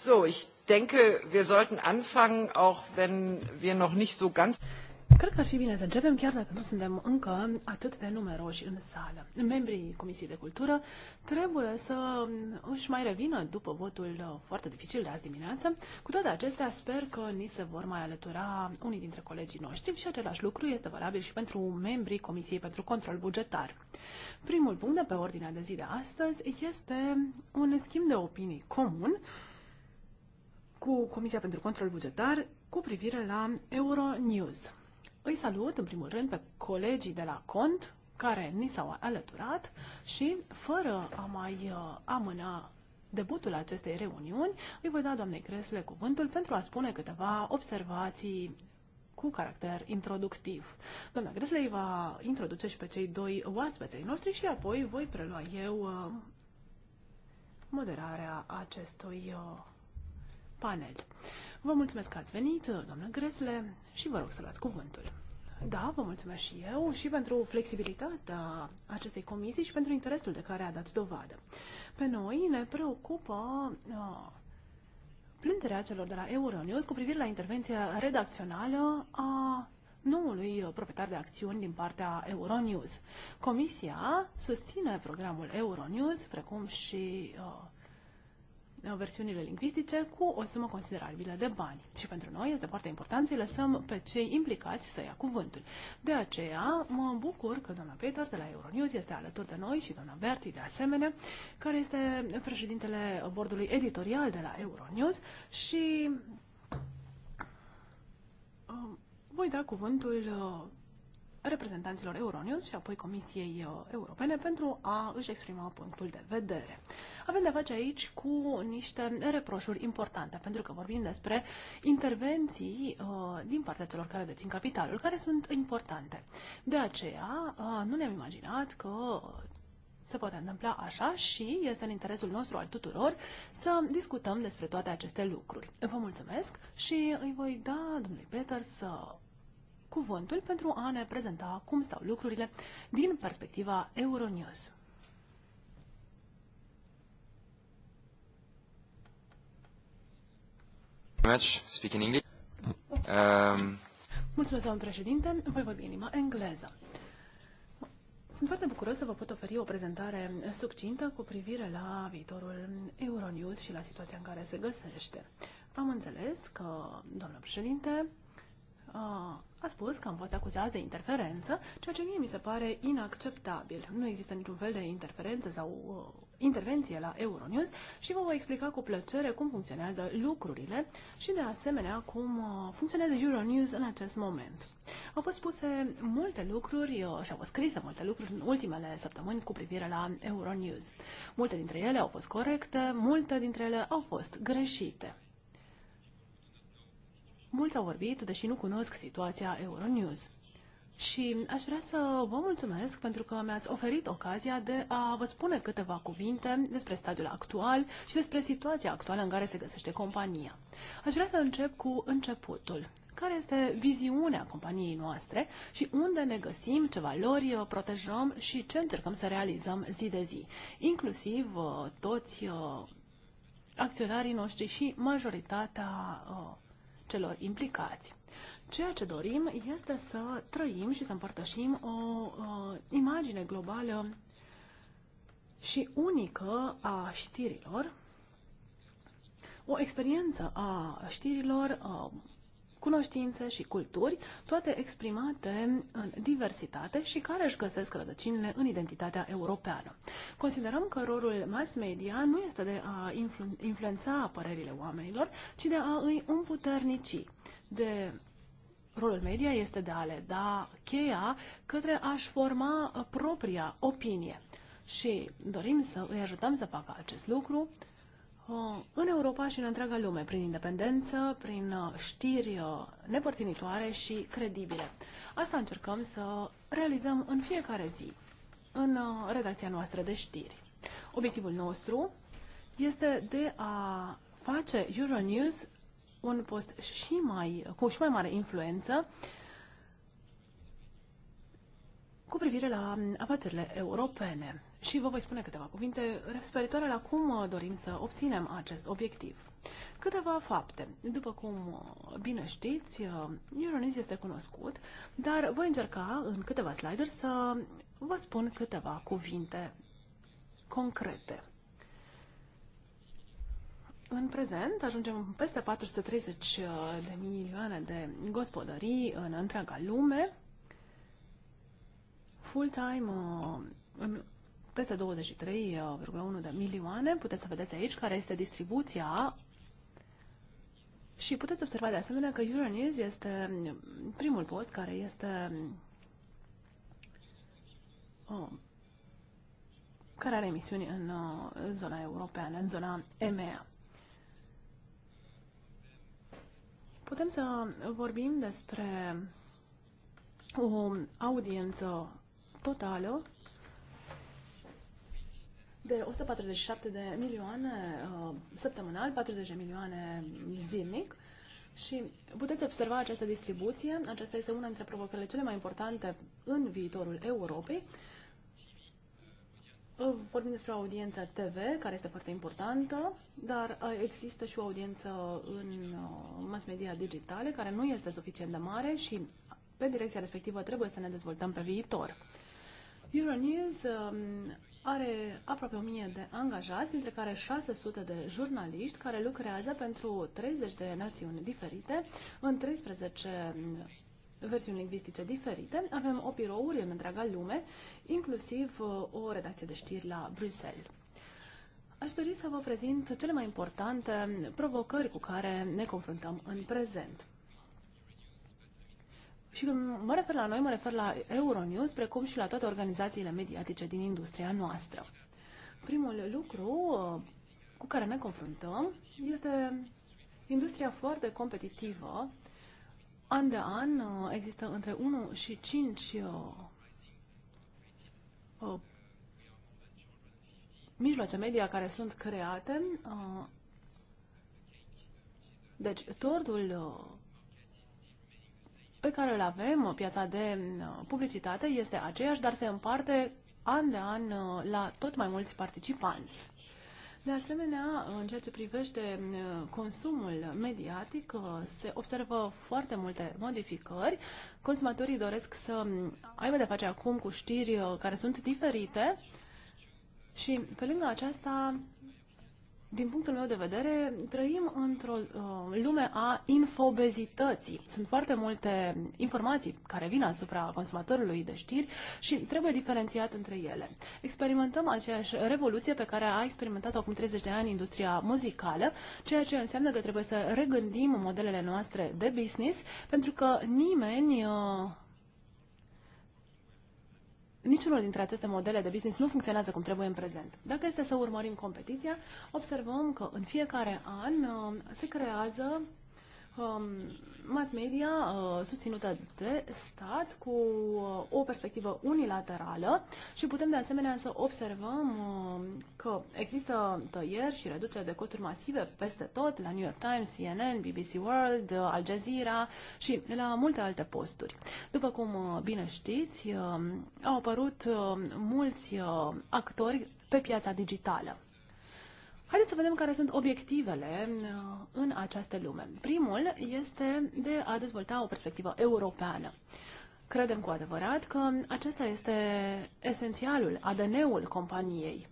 So, ich denke, wir sollten anfangen, auch wenn wir noch nicht so ganz... Cred că ar fi bine să începem, chiar dacă nu suntem încă atât de numeroși în sală. Membrii Comisiei de Cultură trebuie să își mai revină după votul uh, foarte dificil de azi dimineață. Cu toate acestea, sper că ni se vor mai alătura unii dintre colegii noștri și același lucru este valabil și pentru membrii Comisiei pentru Control Bugetar. Primul punct de pe ordinea de zi de astăzi este un schimb de opinii comun cu Comisia pentru Control Bugetar cu privire la Euronews. Îi salut, în primul rând, pe colegii de la Cont, care ni s-au alăturat și, fără a mai uh, amâna debutul acestei reuniuni, îi voi da doamnei Cresle cuvântul pentru a spune câteva observații cu caracter introductiv. Doamna Gresley va introduce și pe cei doi oaspeței noștri și apoi voi prelua eu uh, moderarea acestui uh, panel. Vă mulțumesc că ați venit, doamnă Gresle, și vă rog să luați cuvântul. Da, vă mulțumesc și eu și pentru flexibilitatea acestei comisii și pentru interesul de care a dat dovadă. Pe noi ne preocupă uh, plângerea celor de la Euronews cu privire la intervenția redacțională a noului proprietar de acțiuni din partea Euronews. Comisia susține programul Euronews, precum și uh, Uh, versiunile lingvistice cu o sumă considerabilă de bani. Și pentru noi este foarte important să lăsăm pe cei implicați să ia cuvântul. De aceea mă bucur că doamna Peter de la Euronews este alături de noi și doamna Berti de asemenea, care este președintele bordului editorial de la Euronews și uh, voi da cuvântul uh, reprezentanților Euronews și apoi Comisiei uh, Europene pentru a își exprima punctul de vedere. Avem de face aici cu niște reproșuri importante, pentru că vorbim despre intervenții uh, din partea celor care dețin capitalul, care sunt importante. De aceea, uh, nu ne-am imaginat că se poate întâmpla așa și este în interesul nostru al tuturor să discutăm despre toate aceste lucruri. Vă mulțumesc și îi voi da domnului Peter să cuvântul pentru a ne prezenta cum stau lucrurile din perspectiva Euronews. Much, speaking English. Um... Mulțumesc, domnul președinte. Voi vorbi în limba engleză. Sunt foarte bucuros să vă pot oferi o prezentare succintă cu privire la viitorul Euronews și la situația în care se găsește. Am înțeles că, doamnă președinte, a spus că am fost acuzați de interferență, ceea ce mie mi se pare inacceptabil. Nu există niciun fel de interferență sau uh, intervenție la Euronews și vă voi explica cu plăcere cum funcționează lucrurile și de asemenea cum uh, funcționează Euronews în acest moment. Au fost spuse multe lucruri uh, și au fost scrise multe lucruri în ultimele săptămâni cu privire la Euronews. Multe dintre ele au fost corecte, multe dintre ele au fost greșite. Mulți au vorbit, deși nu cunosc situația Euronews. Și aș vrea să vă mulțumesc pentru că mi-ați oferit ocazia de a vă spune câteva cuvinte despre stadiul actual și despre situația actuală în care se găsește compania. Aș vrea să încep cu începutul. Care este viziunea companiei noastre și unde ne găsim, ce valori protejăm și ce încercăm să realizăm zi de zi, inclusiv uh, toți uh, acționarii noștri și majoritatea uh, celor implicați. Ceea ce dorim este să trăim și să împărtășim o uh, imagine globală și unică a știrilor, o experiență a știrilor, uh, cunoștințe și culturi, toate exprimate în diversitate și care își găsesc rădăcinile în identitatea europeană. Considerăm că rolul mass media nu este de a influ- influența părerile oamenilor, ci de a îi împuternici, de Rolul media este de a le da cheia către a-și forma uh, propria opinie. Și dorim să îi ajutăm să facă acest lucru Uh, în Europa și în întreaga lume, prin independență, prin uh, știri uh, nepărtinitoare și credibile. Asta încercăm să realizăm în fiecare zi, în redacția noastră de știri. Obiectivul nostru este de a face Euronews un post și mai, cu și mai mare influență cu privire la afacerile europene și vă voi spune câteva cuvinte referitoare la cum uh, dorim să obținem acest obiectiv. Câteva fapte. După cum uh, bine știți, uh, Euronews este cunoscut, dar voi încerca în câteva slide-uri să vă spun câteva cuvinte concrete. În prezent ajungem peste 430 de milioane de gospodării în întreaga lume, full-time în peste 23,1 uh, de milioane. Puteți să vedeți aici care este distribuția și puteți observa de asemenea că Euronews este primul post care este oh, care are emisiuni în, în uh, zona europeană, în zona EMEA. Putem să vorbim despre o audiență totală de 147 de milioane uh, săptămânal, 40 de milioane zilnic. Și puteți observa această distribuție. Aceasta este una dintre provocările cele mai importante în viitorul Europei. Uh, vorbim despre audiența TV, care este foarte importantă, dar uh, există și o audiență în uh, mass media digitale, care nu este suficient de mare și pe direcția respectivă trebuie să ne dezvoltăm pe viitor. Euronews um, are aproape 1000 de angajați, dintre care 600 de jurnaliști care lucrează pentru 30 de națiuni diferite în 13 versiuni lingvistice diferite. Avem o birouri în întreaga lume, inclusiv uh, o redacție de știri la Bruxelles. Aș dori să vă prezint cele mai importante provocări cu care ne confruntăm în prezent. Și când mă refer la noi, mă refer la Euronews, precum și la toate organizațiile mediatice din industria noastră. Primul lucru uh, cu care ne confruntăm este industria foarte competitivă. An de an uh, există între 1 și 5 uh, mijloace media care sunt create. Deci, tortul pe care îl avem, piața de uh, publicitate, este aceeași, dar se împarte an de an uh, la tot mai mulți participanți. De asemenea, în ceea ce privește uh, consumul mediatic, se observă foarte multe modificări. Consumatorii doresc să um, aibă de face acum cu știri care sunt diferite și, pe lângă aceasta, din punctul meu de vedere, trăim într-o uh, lume a infobezității. Sunt foarte multe informații care vin asupra consumatorului de știri și trebuie diferențiat între ele. Experimentăm aceeași revoluție pe care a experimentat-o acum 30 de ani industria muzicală, ceea ce înseamnă că trebuie să regândim modelele noastre de business, pentru că nimeni uh, niciunul dintre aceste modele de business nu funcționează cum trebuie în prezent. Dacă este să urmărim competiția, observăm că în fiecare an uh, se creează Um, mass media uh, susținută de stat cu uh, o perspectivă unilaterală și putem de asemenea să observăm um, că există tăieri și reduceri de costuri masive peste tot, la New York Times, CNN, BBC World, uh, Al Jazeera și la multe alte posturi. După cum bine știți, um, au apărut mulți actori pe piața digitală. Haideți să vedem care sunt obiectivele uh, în această lume. Primul este de a dezvolta o perspectivă europeană. Credem cu adevărat că acesta este esențialul, ADN-ul companiei.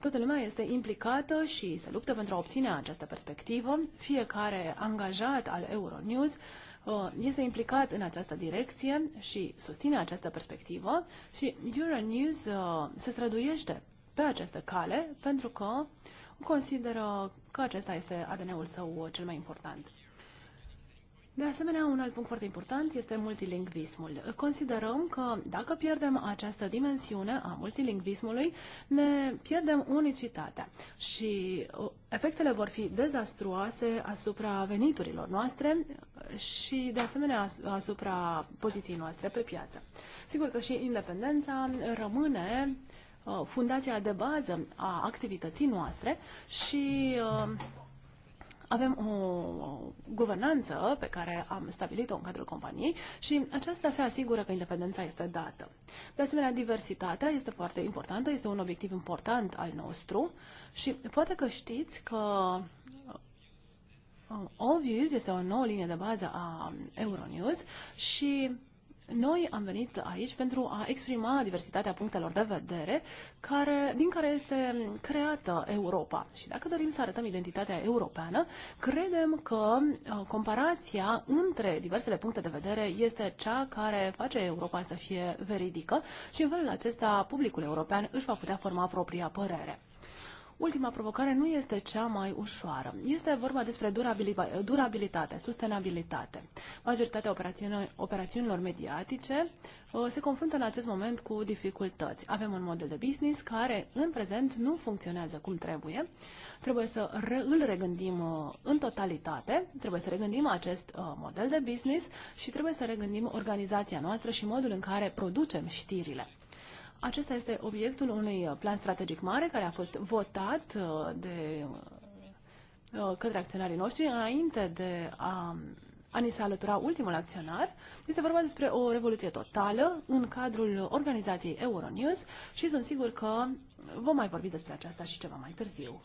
Toată lumea este implicată și se luptă pentru a obține această perspectivă. Fiecare angajat al Euronews uh, este implicat în această direcție și susține această perspectivă și Euronews uh, se străduiește pe această cale pentru că consideră că acesta este ADN-ul său cel mai important. De asemenea, un alt punct foarte important este multilingvismul. Considerăm că dacă pierdem această dimensiune a multilingvismului, ne pierdem unicitatea și uh, efectele vor fi dezastruoase asupra veniturilor noastre și, de asemenea, asupra poziției noastre pe piață. Sigur că și independența rămâne Uh, fundația de bază a activității noastre și uh, avem o guvernanță pe care am stabilit-o în cadrul companiei și aceasta se asigură că independența este dată. De asemenea, diversitatea este foarte importantă, este un obiectiv important al nostru și poate că știți că uh, All Views este o nouă linie de bază a Euronews și noi am venit aici pentru a exprima diversitatea punctelor de vedere care, din care este creată Europa. Și dacă dorim să arătăm identitatea europeană, credem că uh, comparația între diversele puncte de vedere este cea care face Europa să fie veridică și în felul acesta publicul european își va putea forma propria părere. Ultima provocare nu este cea mai ușoară. Este vorba despre durabilitate, sustenabilitate. Majoritatea operațiunilor mediatice uh, se confruntă în acest moment cu dificultăți. Avem un model de business care în prezent nu funcționează cum trebuie. Trebuie să îl regândim uh, în totalitate, trebuie să regândim acest uh, model de business și trebuie să regândim organizația noastră și modul în care producem știrile. Acesta este obiectul unui uh, plan strategic mare care a fost votat uh, de uh, către acționarii noștri înainte de a a ni se alătura ultimul acționar. Este vorba despre o revoluție totală în cadrul organizației Euronews și sunt sigur că vom mai vorbi despre aceasta și ceva mai târziu.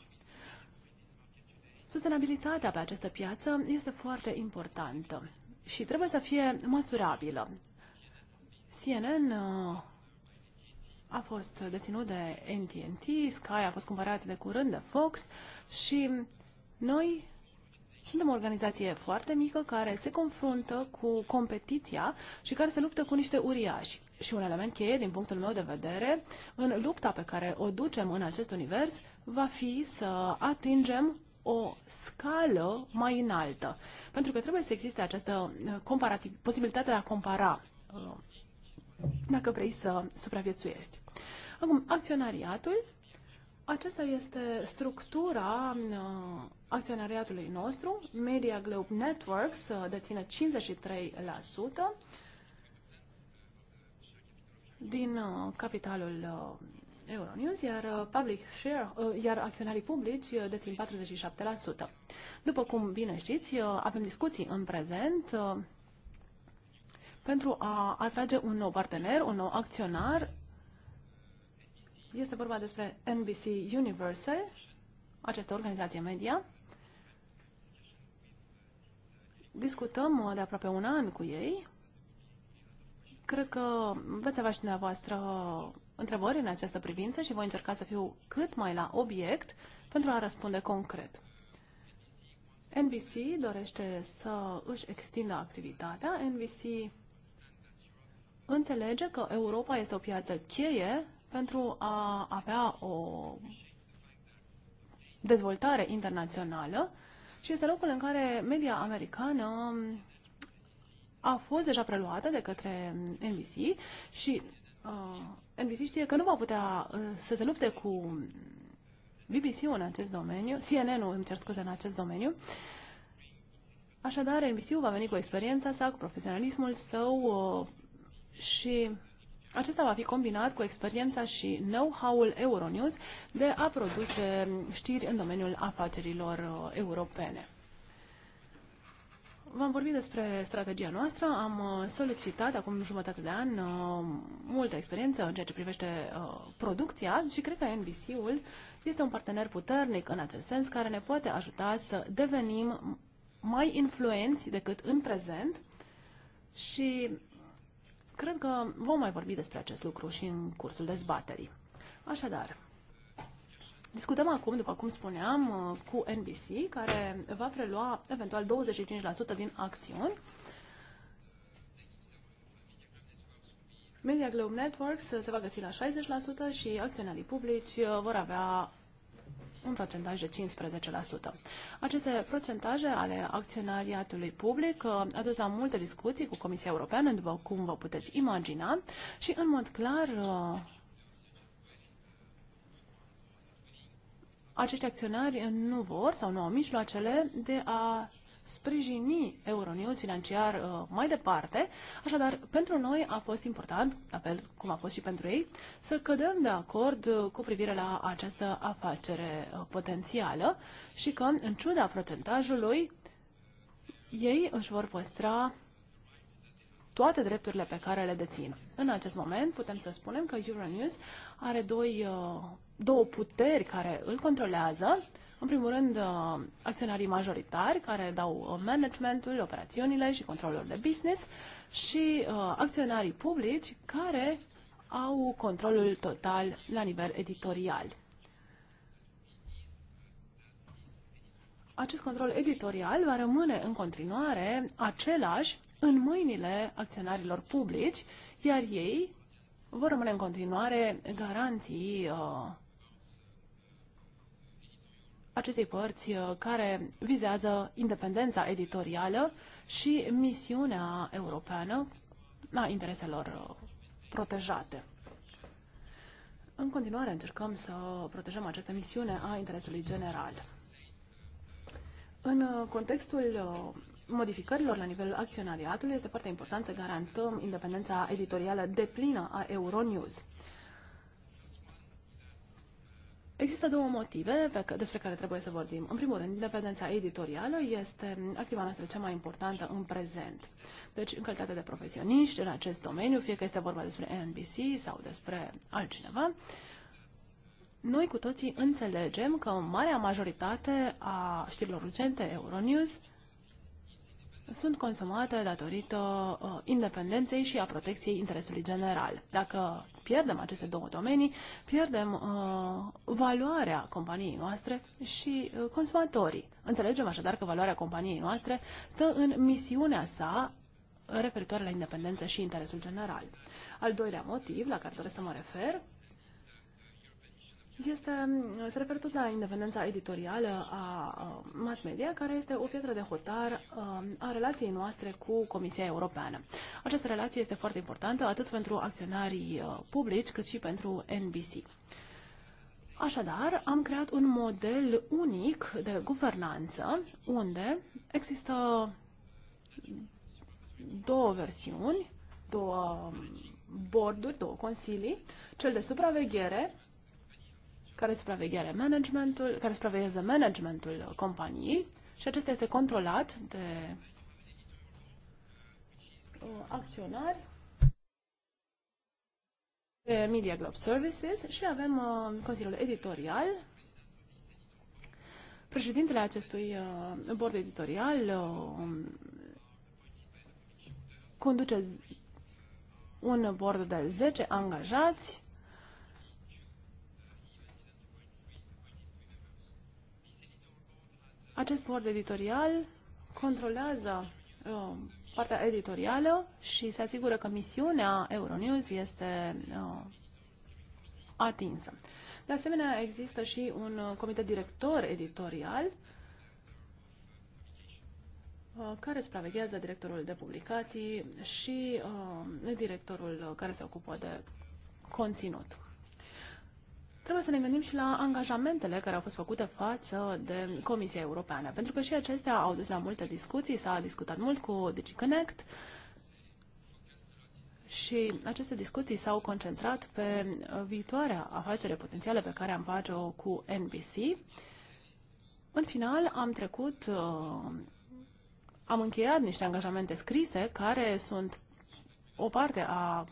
Sustenabilitatea pe această piață este foarte importantă și trebuie să fie măsurabilă. CNN a fost deținut de AT&T, Sky a fost cumpărat de curând de Fox și noi suntem o organizație foarte mică care se confruntă cu competiția și care se luptă cu niște uriași. Și un element cheie, din punctul meu de vedere, în lupta pe care o ducem în acest univers, va fi să atingem o scală mai înaltă. Pentru că trebuie să existe această posibilitate de a compara uh, dacă vrei să supraviețuiești. Acum, acționariatul. Aceasta este structura uh, acționariatului nostru. Media Globe Networks uh, deține 53% din uh, capitalul Euronews, iar, public share, iar acționarii publici dețin 47%. După cum bine știți, avem discuții în prezent pentru a atrage un nou partener, un nou acționar. Este vorba despre NBC Universal, această organizație media. Discutăm de aproape un an cu ei. Cred că veți avea și dumneavoastră întrebări în această privință și voi încerca să fiu cât mai la obiect pentru a răspunde concret. NBC dorește să își extindă activitatea. NBC înțelege că Europa este o piață cheie pentru a avea o dezvoltare internațională și este locul în care media americană a fost deja preluată de către NBC și uh, NBC știe că nu va putea uh, să se lupte cu BBC-ul în acest domeniu, CNN-ul, îmi cer scuze, în acest domeniu. Așadar, NBC-ul va veni cu experiența sa, cu profesionalismul său, uh, și acesta va fi combinat cu experiența și know-how-ul Euronews de a produce știri în domeniul afacerilor uh, europene. V-am vorbit despre strategia noastră, am uh, solicitat acum jumătate de an uh, multă experiență în ceea ce privește producția și cred că NBC-ul este un partener puternic în acest sens care ne poate ajuta să devenim mai influenți decât în prezent și Cred că vom mai vorbi despre acest lucru și în cursul dezbaterii. Așadar, discutăm acum, după cum spuneam, cu NBC, care va prelua eventual 25% din acțiuni. Media Globe Networks se va găsi la 60% și acționarii publici vor avea un procentaj de 15%. Aceste procentaje ale acționariatului public uh, a dus la multe discuții cu Comisia Europeană, după cum vă puteți imagina, și în mod clar uh, acești acționari nu vor sau nu au mijloacele de a sprijini Euronews financiar uh, mai departe. Așadar, pentru noi a fost important, la fel cum a fost și pentru ei, să cădem de acord uh, cu privire la această afacere uh, potențială și că, în ciuda procentajului, ei își vor păstra toate drepturile pe care le dețin. În acest moment putem să spunem că Euronews are doi, uh, două puteri care îl controlează, în primul rând, uh, acționarii majoritari care dau uh, managementul, operațiunile și controlul de business și uh, acționarii publici care au controlul total la nivel editorial. Acest control editorial va rămâne în continuare același în mâinile acționarilor publici, iar ei vor rămâne în continuare garanții uh, acestei părți uh, care vizează independența editorială și misiunea europeană a intereselor uh, protejate. În continuare încercăm să protejăm această misiune a interesului general. În uh, contextul modificărilor la nivelul acționariatului este foarte important să garantăm independența editorială deplină a Euronews. Există două motive pe despre care trebuie să vorbim. În primul rând, independența editorială este activa noastră cea mai importantă în prezent. Deci, în calitate de profesioniști în acest domeniu, fie că este vorba despre NBC sau despre altcineva, noi cu toții înțelegem că marea majoritate a știrilor urgente Euronews sunt consumate datorită uh, independenței și a protecției interesului general. Dacă pierdem aceste două domenii, pierdem uh, valoarea companiei noastre și uh, consumatorii. Înțelegem așadar că valoarea companiei noastre stă în misiunea sa referitoare la independență și interesul general. Al doilea motiv la care doresc să mă refer este, se referă tot la independența editorială a mass media, care este o pietră de hotar um, a relației noastre cu Comisia Europeană. Această relație este foarte importantă atât pentru acționarii uh, publici cât și pentru NBC. Așadar, am creat un model unic de guvernanță unde există două versiuni, două um, borduri, două consilii, cel de supraveghere care supraveghează managementul, care supraveghează managementul companiei și acesta este controlat de uh, acționari de Media Globe Services și avem uh, Consiliul Editorial. Președintele acestui uh, bord editorial uh, conduce un bord de 10 angajați Acest board editorial controlează uh, partea editorială și se asigură că misiunea Euronews este uh, atinsă. De asemenea, există și un uh, comitet director editorial uh, care supraveghează directorul de publicații și uh, directorul uh, care se ocupă de conținut trebuie să ne gândim și la angajamentele care au fost făcute față de Comisia Europeană, pentru că și acestea au dus la multe discuții, s-a discutat mult cu DigiConnect și aceste discuții s-au concentrat pe viitoarea afacere potențială pe care am face-o cu NBC. În final, am trecut, uh, am încheiat niște angajamente scrise care sunt o parte a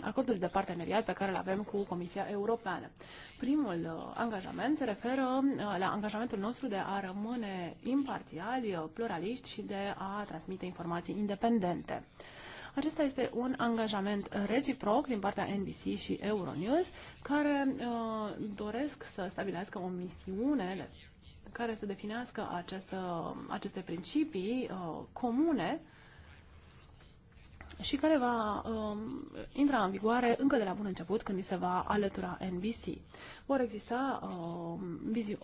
acordul de parteneriat pe care îl avem cu Comisia Europeană. Primul uh, angajament se referă uh, la angajamentul nostru de a rămâne imparțiali, uh, pluraliști și de a transmite informații independente. Acesta este un angajament reciproc din partea NBC și Euronews, care uh, doresc să stabilească o misiune care să definească această, aceste principii uh, comune și care va um, intra în vigoare încă de la bun început, când se va alătura NBC. Vor exista, um,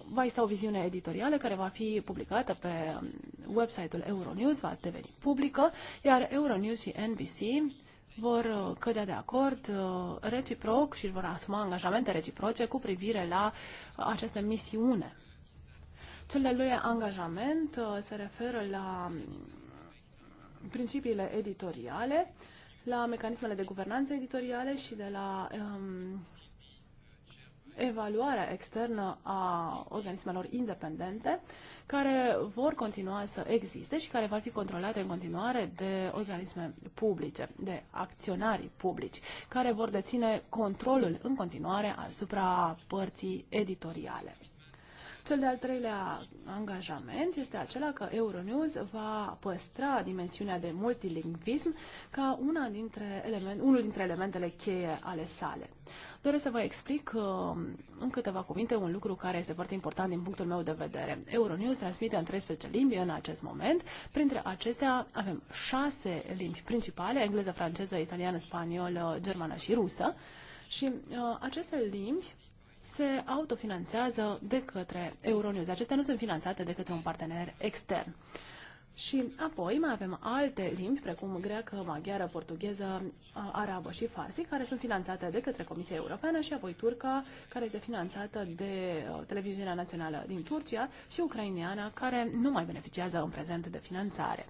va exista o viziune editorială care va fi publicată pe um, website-ul Euronews, va deveni publică, iar Euronews și NBC vor uh, cădea de acord uh, reciproc și vor asuma angajamente reciproce cu privire la uh, această misiune. Cel de-al doilea angajament se referă la um, principiile editoriale, la mecanismele de guvernanță editoriale și de la um, evaluarea externă a organismelor independente care vor continua să existe și care vor fi controlate în continuare de organisme publice, de acționarii publici, care vor deține controlul în continuare asupra părții editoriale. Cel de-al treilea angajament este acela că Euronews va păstra dimensiunea de multilingvism ca una dintre element, unul dintre elementele cheie ale sale. Doresc să vă explic uh, în câteva cuvinte un lucru care este foarte important din punctul meu de vedere. Euronews transmite în 13 limbi în acest moment. Printre acestea avem șase limbi principale, engleză, franceză, italiană, spaniolă, germană și rusă. Și uh, aceste limbi se autofinanțează de către Euronews. Acestea nu sunt finanțate de către un partener extern. Și apoi mai avem alte limbi, precum greacă, maghiară, portugheză, arabă și farsi, care sunt finanțate de către Comisia Europeană și apoi turca, care este finanțată de uh, televiziunea națională din Turcia și ucraineana, care nu mai beneficiază în prezent de finanțare.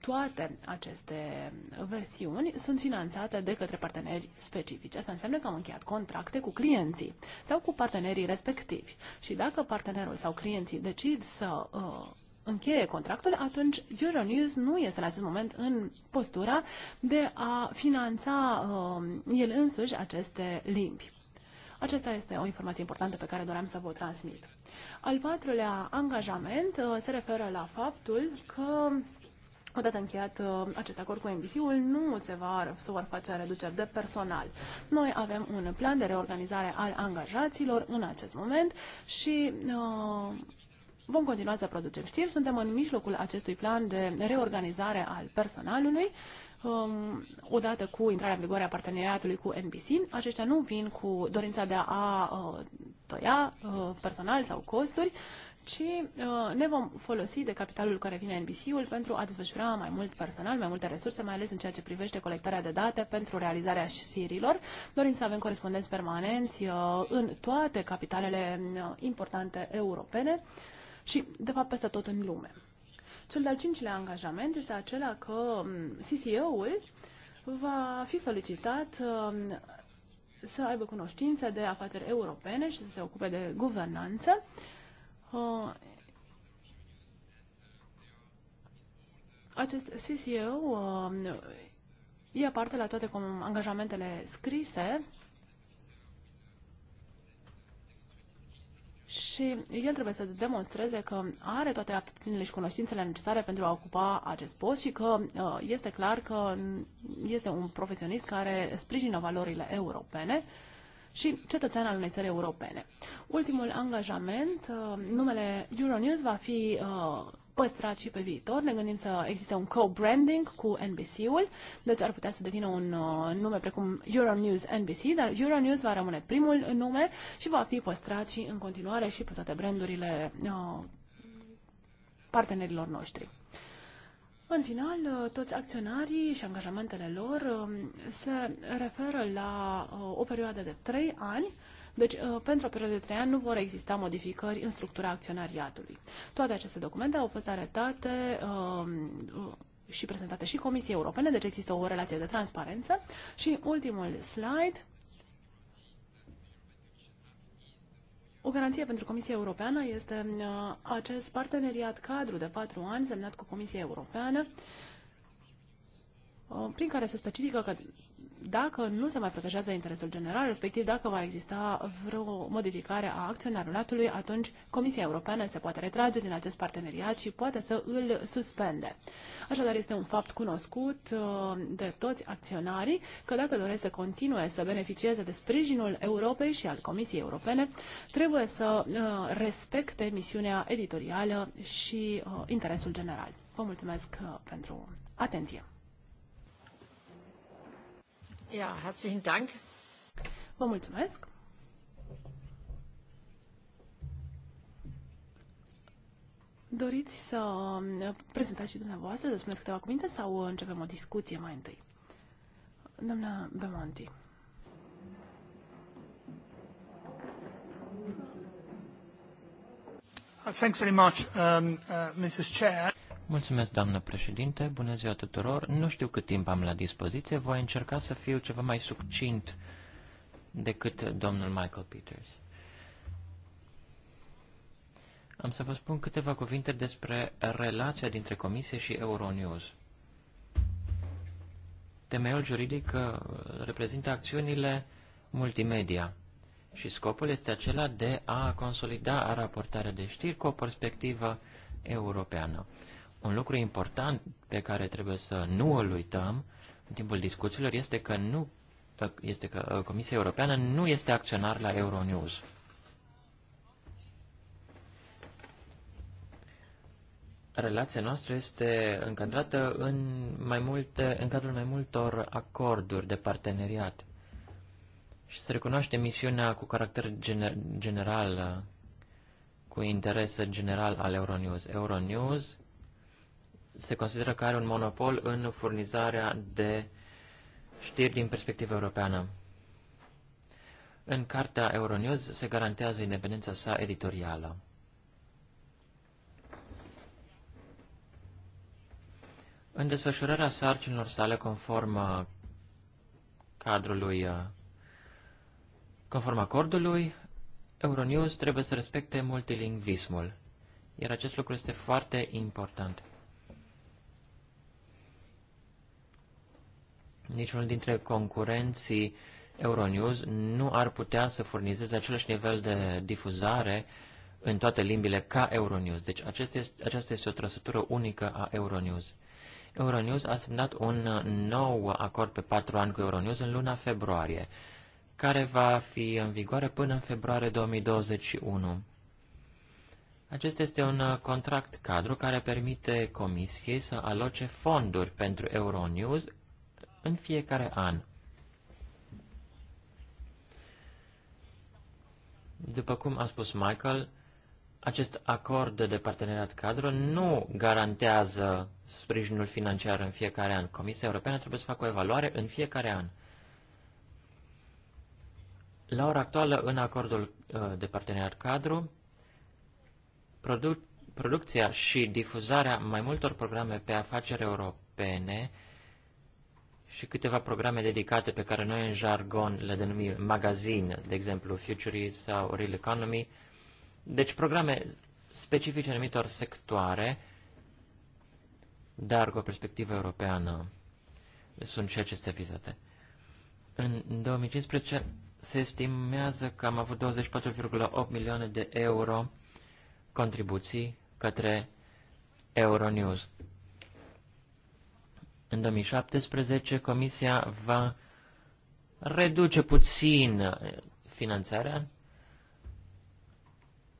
Toate aceste versiuni sunt finanțate de către parteneri specifici. Asta înseamnă că am încheiat contracte cu clienții sau cu partenerii respectivi. Și dacă partenerul sau clienții decid să uh, încheie contractul, atunci Euronews nu este în acest moment în postura de a finanța uh, el însuși aceste limbi. Aceasta este o informație importantă pe care doream să vă o transmit. Al patrulea angajament uh, se referă la faptul că Odată încheiat uh, acest acord cu MBC-ul, nu se, va, se vor face reduceri de personal. Noi avem un plan de reorganizare al angajaților în acest moment și uh, vom continua să producem știri. Suntem în mijlocul acestui plan de reorganizare al personalului. Um, odată cu intrarea în vigoare a parteneriatului cu NBC, aceștia nu vin cu dorința de a uh, tăia uh, personal sau costuri, ci uh, ne vom folosi de capitalul care vine NBC-ul pentru a desfășura mai mult personal, mai multe resurse, mai ales în ceea ce privește colectarea de date pentru realizarea șirilor, dorim să avem corespondenți permanenți uh, în toate capitalele uh, importante europene și, de fapt, peste tot în lume. Cel de-al cincilea angajament este acela că um, CCO-ul va fi solicitat um, să aibă cunoștințe de afaceri europene și să se ocupe de guvernanță Uh, acest CCO uh, ia parte la toate angajamentele scrise și el trebuie să demonstreze că are toate aptitudinile și cunoștințele necesare pentru a ocupa acest post și că uh, este clar că este un profesionist care sprijină valorile europene și cetățean al unei țări europene. Ultimul angajament, uh, numele Euronews va fi uh, păstrat și pe viitor. Ne gândim să existe un co-branding cu NBC-ul, deci ar putea să devină un uh, nume precum Euronews NBC, dar Euronews va rămâne primul nume și va fi păstrat și în continuare și pe toate brandurile uh, partenerilor noștri. În final, toți acționarii și angajamentele lor um, se referă la uh, o perioadă de 3 ani, deci uh, pentru o perioadă de 3 ani nu vor exista modificări în structura acționariatului. Toate aceste documente au fost arătate um, uh, și prezentate și Comisiei Europene, deci există o relație de transparență. Și ultimul slide, O garanție pentru Comisia Europeană este uh, acest parteneriat cadru de patru ani semnat cu Comisia Europeană Uh, prin care se specifică că dacă nu se mai protejează interesul general, respectiv dacă va exista vreo modificare a acționarulatului, atunci Comisia Europeană se poate retrage din acest parteneriat și poate să îl suspende. Așadar, este un fapt cunoscut uh, de toți acționarii că dacă doresc să continue să beneficieze de sprijinul Europei și al Comisiei Europene, trebuie să uh, respecte misiunea editorială și interesul general. Vă mulțumesc pentru atenție! Ja, herzlichen Dank. Vă mulțumesc. Doriți să uh, prezentați și dumneavoastră, să spuneți câteva cuvinte sau începem o discuție mai întâi? Doamna Bemonti. Uh, thanks very much, um, uh, Mrs. Chair. Mulțumesc, doamnă președinte, bună ziua tuturor. Nu știu cât timp am la dispoziție, voi încerca să fiu ceva mai succint decât domnul Michael Peters. Am să vă spun câteva cuvinte despre relația dintre Comisie și Euronews. Temeiul juridic uh, reprezintă acțiunile multimedia și scopul este acela de a consolida raportarea de știri cu o perspectivă europeană. Un lucru important pe care trebuie să nu îl uităm în timpul discuțiilor este că, nu, este că uh, Comisia Europeană nu este acționar la Euronews. Relația noastră este încadrată în, mai multe, în cadrul mai multor acorduri de parteneriat și se recunoaște misiunea cu caracter gener general, uh, cu interes general al Euronews. Euronews se consideră că are un monopol în furnizarea de știri din perspectivă europeană. În cartea Euronews se garantează independența sa editorială. În desfășurarea sarcinilor sale conform uh, cadrului, uh, conform acordului, Euronews trebuie să respecte multilingvismul, iar acest lucru este foarte important. niciunul dintre concurenții Euronews nu ar putea să furnizeze același nivel de difuzare în toate limbile ca Euronews. Deci este, aceasta este o trăsătură unică a Euronews. Euronews a semnat un nou acord pe patru ani cu Euronews în luna februarie, care va fi în vigoare până în februarie 2021. Acesta este un contract cadru care permite Comisiei să aloce fonduri pentru Euronews în fiecare an. După cum a spus Michael, acest acord de parteneriat cadru nu garantează sprijinul financiar în fiecare an. Comisia Europeană trebuie să facă o evaluare în fiecare an. La ora actuală, în acordul uh, de parteneriat cadru, produ- producția și difuzarea mai multor programe pe afaceri europene și câteva programe dedicate pe care noi în jargon le denumim magazin, de exemplu Futury sau Real Economy, deci programe specifice anumitor sectoare, dar cu o perspectivă europeană sunt și aceste vizate. În 2015 se estimează că am avut 24,8 milioane de euro contribuții către Euronews. În 2017, Comisia va reduce puțin finanțarea,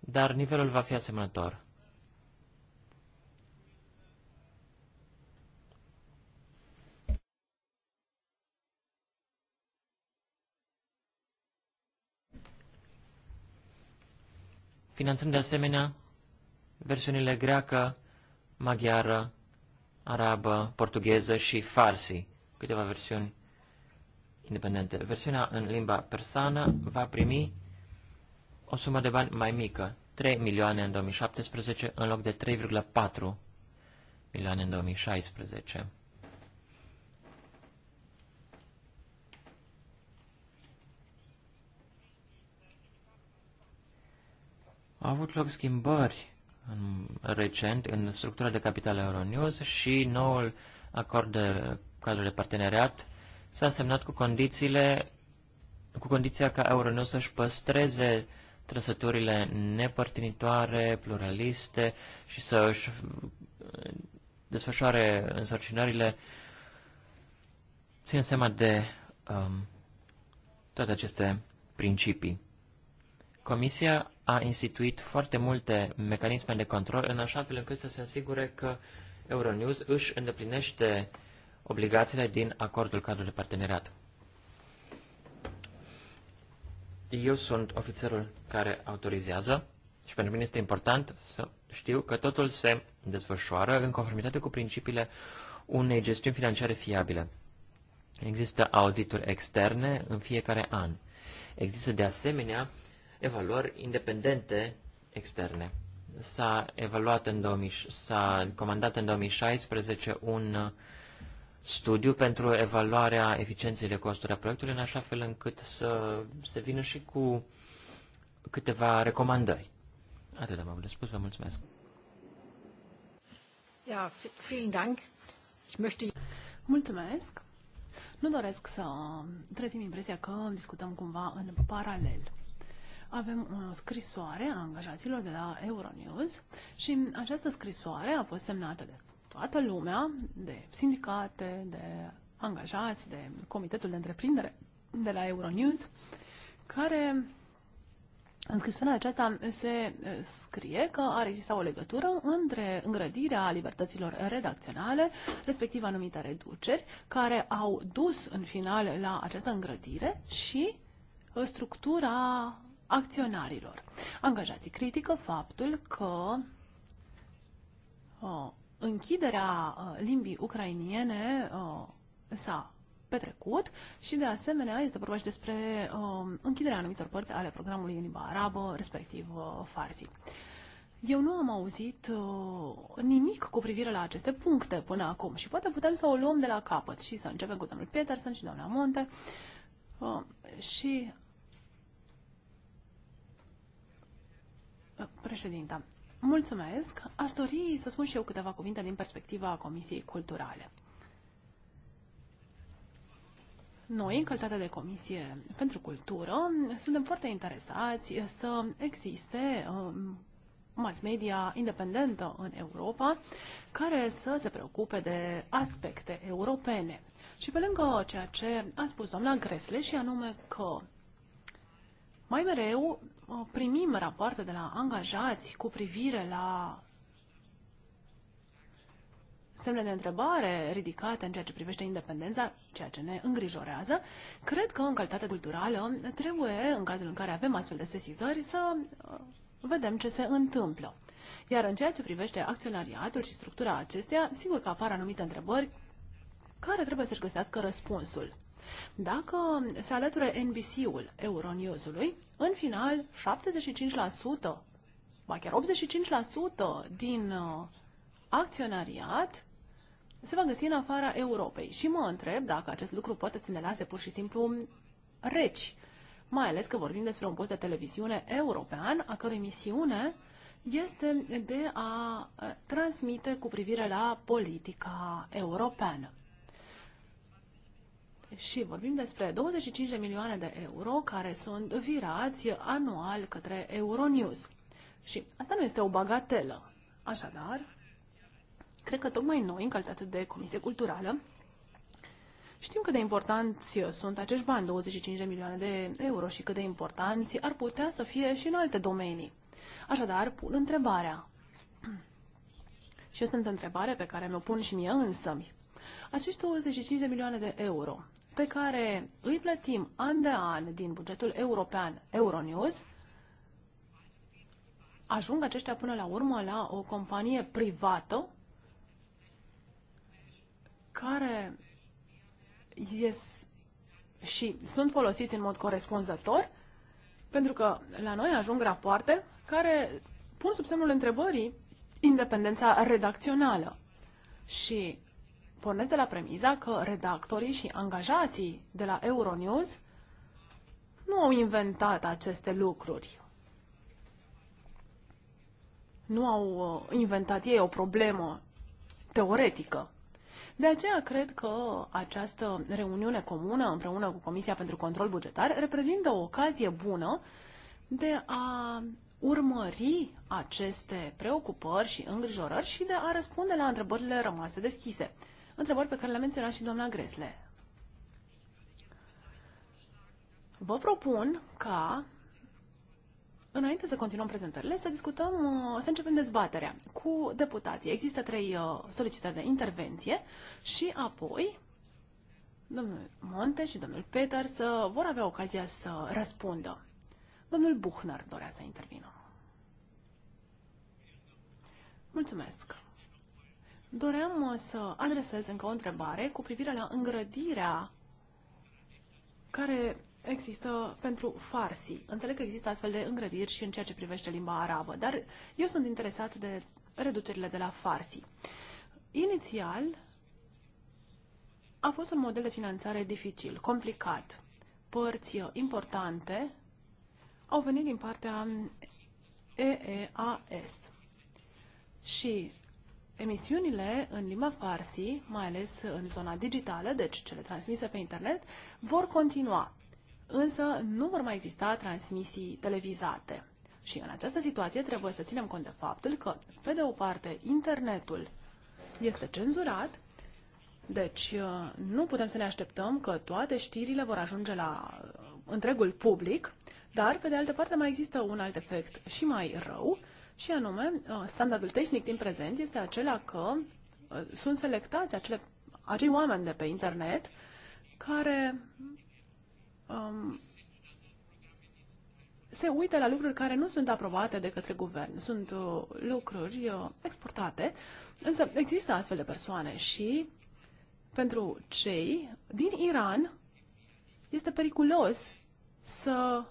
dar nivelul va fi asemănător. Finanțăm de asemenea versiunile greacă, maghiară arabă, portugheză și farsi, câteva versiuni independente. Versiunea în limba persană va primi o sumă de bani mai mică, 3 milioane în 2017 în loc de 3,4 milioane în 2016. Au avut loc schimbări în, recent în structura de capital Euronews și noul acord de cadru de parteneriat s-a semnat cu condițiile cu condiția ca Euronews să-și păstreze trăsăturile nepărtinitoare, pluraliste și să își uh, desfășoare însărcinările țin seama de um, toate aceste principii. Comisia a instituit foarte multe mecanisme de control în așa fel încât să se asigure că Euronews își îndeplinește obligațiile din acordul cadru de parteneriat. Eu sunt ofițerul care autorizează și pentru mine este important să știu că totul se desfășoară în conformitate cu principiile unei gestiuni financiare fiabile. Există audituri externe în fiecare an. Există de asemenea evaluări independente externe. S-a evaluat în 2000, s-a comandat în 2016 un studiu pentru evaluarea eficienței de costuri a proiectului, în așa fel încât să se vină și cu câteva recomandări. Atât am avut spus, vă mulțumesc. Ja, vielen Dank. Ich möchte... Mulțumesc. Nu doresc să trezim impresia că discutăm cumva în paralel avem o scrisoare a angajaților de la Euronews și această scrisoare a fost semnată de toată lumea, de sindicate, de angajați, de comitetul de întreprindere de la Euronews, care în scrisoarea aceasta se eh, scrie că ar exista o legătură între îngrădirea libertăților redacționale, respectiv anumite reduceri, care au dus în final la această îngrădire și eh, structura acționarilor. Angajații critică faptul că uh, închiderea uh, limbii ucrainiene uh, s-a petrecut și de asemenea este vorba și despre uh, închiderea anumitor părți ale programului în limba arabă, respectiv uh, farsi. Eu nu am auzit uh, nimic cu privire la aceste puncte până acum și poate putem să o luăm de la capăt și să începem cu domnul Peterson și doamna Monte uh, și Președinta, mulțumesc. Aș dori să spun și eu câteva cuvinte din perspectiva Comisiei Culturale. Noi, în calitate de Comisie pentru Cultură, suntem foarte interesați să existe um, mass media independentă în Europa, care să se preocupe de aspecte europene. Și pe lângă ceea ce a spus doamna Gresle și anume că mai mereu uh, primim rapoarte de la angajați cu privire la semne de întrebare ridicate în ceea ce privește independența, ceea ce ne îngrijorează, cred că în calitate culturală trebuie, în cazul în care avem astfel de sesizări, să uh, vedem ce se întâmplă. Iar în ceea ce privește acționariatul și structura acesteia, sigur că apar anumite întrebări care trebuie să-și găsească răspunsul. Dacă se alăture NBC-ul Euronews-ului, în final 75%, ba chiar 85% din uh, acționariat se va găsi în afara Europei. Și mă întreb dacă acest lucru poate să ne lase pur și simplu reci, mai ales că vorbim despre un post de televiziune european, a cărui misiune este de a uh, transmite cu privire la politica europeană și vorbim despre 25 de milioane de euro care sunt virați anual către Euronews. Și asta nu este o bagatelă. Așadar, cred că tocmai noi, în calitate de Comisie Culturală, știm cât de importanți sunt acești bani, 25 de milioane de euro, și cât de importanți ar putea să fie și în alte domenii. Așadar, pun întrebarea. Și este o întrebare pe care mi-o pun și mie însămi. Acești 25 de milioane de euro pe care îi plătim an de an din bugetul european Euronews, ajung aceștia până la urmă la o companie privată care yes, și sunt folosiți în mod corespunzător, pentru că la noi ajung rapoarte care pun sub semnul întrebării independența redacțională. Și pornesc de la premiza că redactorii și angajații de la Euronews nu au inventat aceste lucruri. Nu au uh, inventat ei o problemă teoretică. De aceea cred că această reuniune comună împreună cu Comisia pentru Control Bugetar reprezintă o ocazie bună de a urmări aceste preocupări și îngrijorări și de a răspunde la întrebările rămase deschise întrebări pe care le-a menționat și doamna Gresle. Vă propun ca, înainte să continuăm prezentările, să discutăm, uh, să începem dezbaterea cu deputații. Există trei uh, solicitări de intervenție și apoi domnul Monte și domnul Peters uh, vor avea ocazia să răspundă. Domnul Buchner dorea să intervină. Mulțumesc. Doream uh, să adresez încă o întrebare cu privire la îngrădirea care există pentru farsi. Înțeleg că există astfel de îngrădiri și în ceea ce privește limba arabă, dar eu sunt interesat de reducerile de la farsi. Inițial, a fost un model de finanțare dificil, complicat. Părți uh, importante au venit din partea EEAS. Și emisiunile în limba farsi, mai ales în zona digitală, deci cele transmise pe internet, vor continua, însă nu vor mai exista transmisii televizate. Și în această situație trebuie să ținem cont de faptul că, pe de o parte, internetul este cenzurat, deci uh, nu putem să ne așteptăm că toate știrile vor ajunge la uh, întregul public, dar, pe de altă parte, mai există un alt efect și mai rău, și anume, uh, standardul tehnic din prezent este acela că uh, sunt selectați acele, acei oameni de pe internet care um, se uită la lucruri care nu sunt aprobate de către guvern. Sunt uh, lucruri uh, exportate, însă există astfel de persoane și pentru cei din Iran este periculos să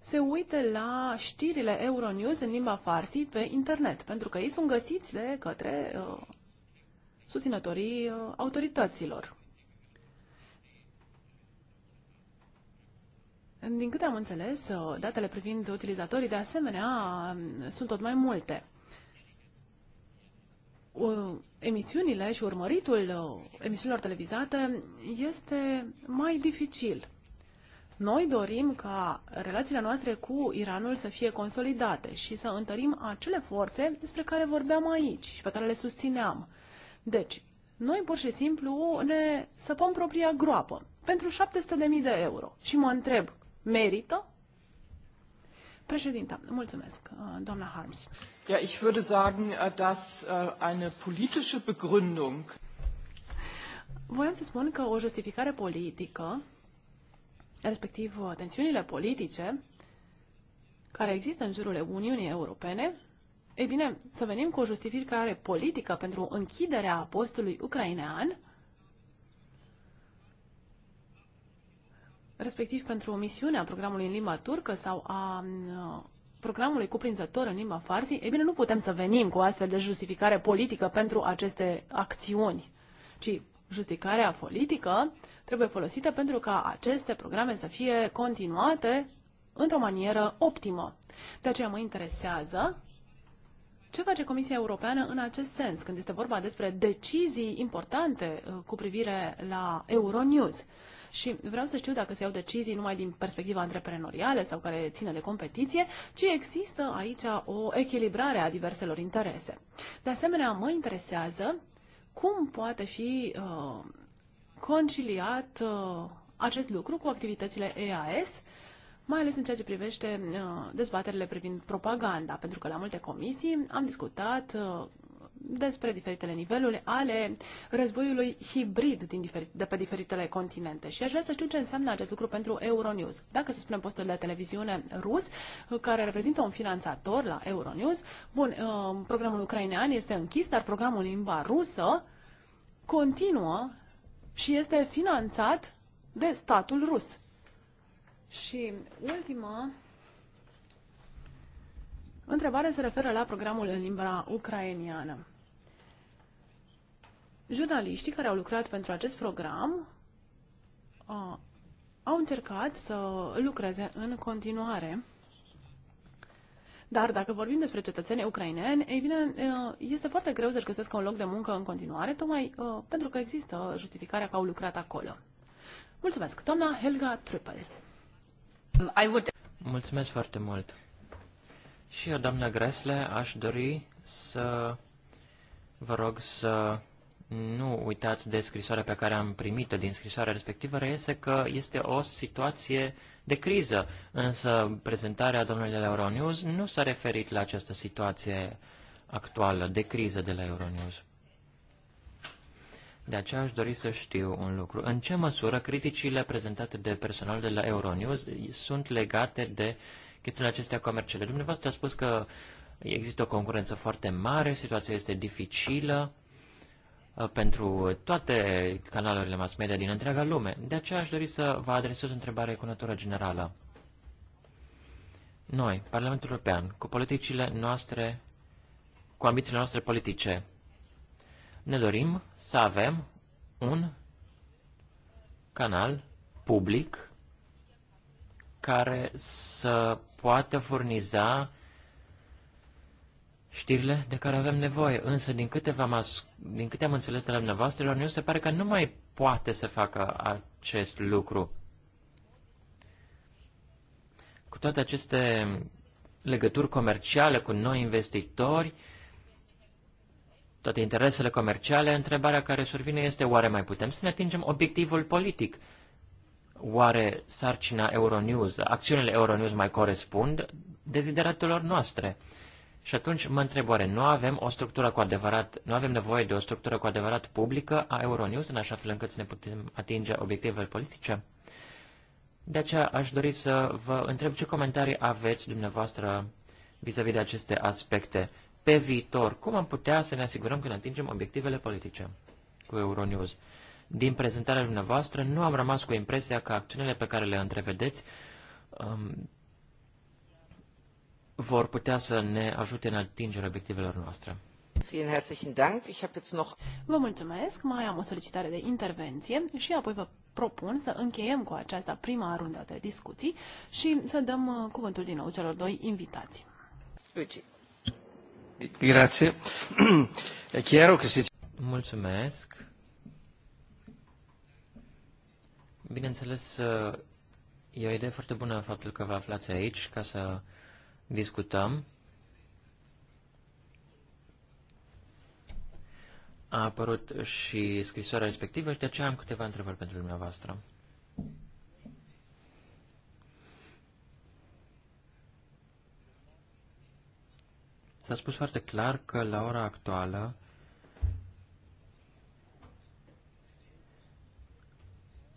se uite la știrile Euronews în limba farsi pe internet, pentru că ei sunt găsiți de către uh, susținătorii uh, autorităților. Din câte am înțeles, uh, datele privind utilizatorii de asemenea um, sunt tot mai multe. Emisiunile și urmăritul uh, emisiunilor televizate este mai dificil. Noi dorim ca relațiile noastre cu Iranul să fie consolidate și să întărim acele forțe despre care vorbeam aici și pe care le susțineam. Deci, noi pur și simplu ne săpăm propria groapă pentru 700.000 de euro. Și mă întreb, merită? Președinta, mulțumesc, uh, doamna Harms. Ja, ich würde sagen, uh, dass uh, eine politische Begründung. Voiam să spun că o justificare politică respectiv uh, tensiunile politice care există în jurul Uniunii Europene, ei bine, să venim cu o justificare politică pentru închiderea postului ucrainean, respectiv pentru misiunea programului în limba turcă sau a uh, programului cuprinzător în limba farsi, ei bine, nu putem să venim cu astfel de justificare politică pentru aceste acțiuni, ci Justicarea politică trebuie folosită pentru ca aceste programe să fie continuate într-o manieră optimă. De aceea mă interesează ce face Comisia Europeană în acest sens, când este vorba despre decizii importante uh, cu privire la Euronews? Și vreau să știu dacă se iau decizii numai din perspectiva antreprenorială sau care ține de competiție, ci există aici o echilibrare a diverselor interese. De asemenea, mă interesează cum poate fi uh, conciliat uh, acest lucru cu activitățile EAS, mai ales în ceea ce privește uh, dezbaterile privind propaganda, pentru că la multe comisii am discutat despre diferitele niveluri ale războiului hibrid din diferit, de pe diferitele continente. Și aș vrea să știu ce înseamnă acest lucru pentru Euronews. Dacă să spunem postul de televiziune rus, care reprezintă un finanțator la Euronews, bun, um, programul ucrainean este închis, dar programul limba rusă continuă și este finanțat de statul rus. Și ultima întrebare se referă la programul în limba ucrainiană. Jurnaliștii care au lucrat pentru acest program uh, au încercat să lucreze în continuare. Dar dacă vorbim despre cetățenii ucraineni, ei bine, este foarte greu să-și găsesc un loc de muncă în continuare, tocmai uh, pentru că există justificarea că au lucrat acolo. Mulțumesc. Doamna Helga Trupel. I would... Mulțumesc foarte mult. Și eu, doamna Gresle, aș dori să vă rog să nu uitați de scrisoarea pe care am primit-o din scrisoarea respectivă, reiese că este o situație de criză, însă prezentarea domnului de la Euronews nu s-a referit la această situație actuală de criză de la Euronews. De aceea aș dori să știu un lucru. În ce măsură criticile prezentate de personalul de la Euronews sunt legate de chestiile acestea comerciale? Dumneavoastră a spus că există o concurență foarte mare, situația este dificilă, Uh, pentru toate canalurile mass media din întreaga lume. De aceea aș dori să vă adresez o întrebare cu natură generală. Noi, Parlamentul European, cu politicile noastre, cu ambițiile noastre politice, ne dorim să avem un canal public care să poată furniza știrile de care avem nevoie. Însă, din câte, v din câte am înțeles de la dumneavoastră, la se pare că nu mai poate să facă acest lucru. Cu toate aceste legături comerciale cu noi investitori, toate interesele comerciale, întrebarea care survine este oare mai putem să ne atingem obiectivul politic? Oare sarcina Euronews, acțiunile Euronews mai corespund dezideratelor noastre? Și atunci mă întreb, oare nu avem o structură cu adevărat, nu avem nevoie de o structură cu adevărat publică a Euronews, în așa fel încât să ne putem atinge obiectivele politice? De aceea aș dori să vă întreb ce comentarii aveți dumneavoastră vis-a-vis -vis de aceste aspecte. Pe viitor, cum am putea să ne asigurăm că ne atingem obiectivele politice cu Euronews? Din prezentarea dumneavoastră, nu am rămas cu impresia că acțiunile pe care le întrevedeți um, vor putea să ne ajute în atingerea obiectivelor noastre. Vă mulțumesc, mai am o solicitare de intervenție și apoi vă propun să încheiem cu aceasta prima rundă de discuții și să dăm uh, cuvântul din nou celor doi invitați. Grazie. chiaro Mulțumesc. Bineînțeles, uh, e o idee foarte bună faptul că vă aflați aici ca să discutăm a apărut și scrisoarea respectivă și de aceea am câteva întrebări pentru dumneavoastră. S-a spus foarte clar că la ora actuală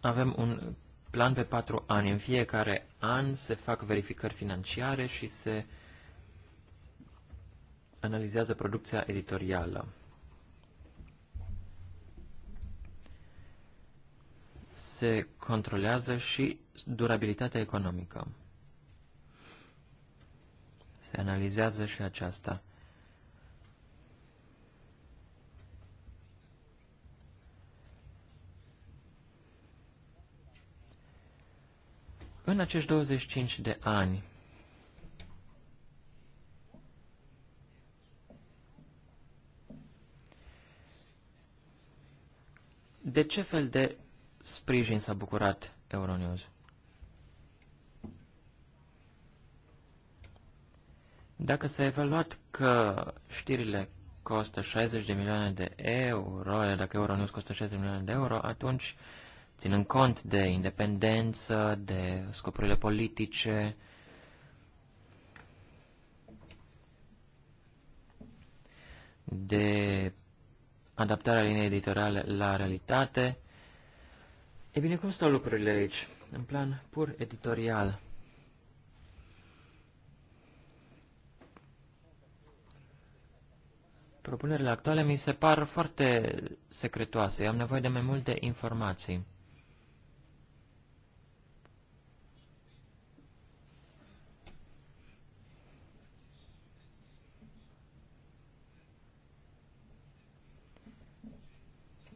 avem un plan pe patru ani. În fiecare an se fac verificări financiare și se analizează producția editorială. Se controlează și durabilitatea economică. Se analizează și aceasta. În acești 25 de ani, de ce fel de sprijin s-a bucurat Euronews? Dacă s-a evaluat că știrile costă 60 de milioane de euro, dacă Euronews costă 60 de milioane de euro, atunci uh, ținând cont de independență, de scopurile politice. de adaptarea liniei editoriale la realitate. E bine, cum stau lucrurile aici? În plan pur editorial. Propunerile actuale mi se par foarte secretoase. Eu am nevoie de mai multe informații.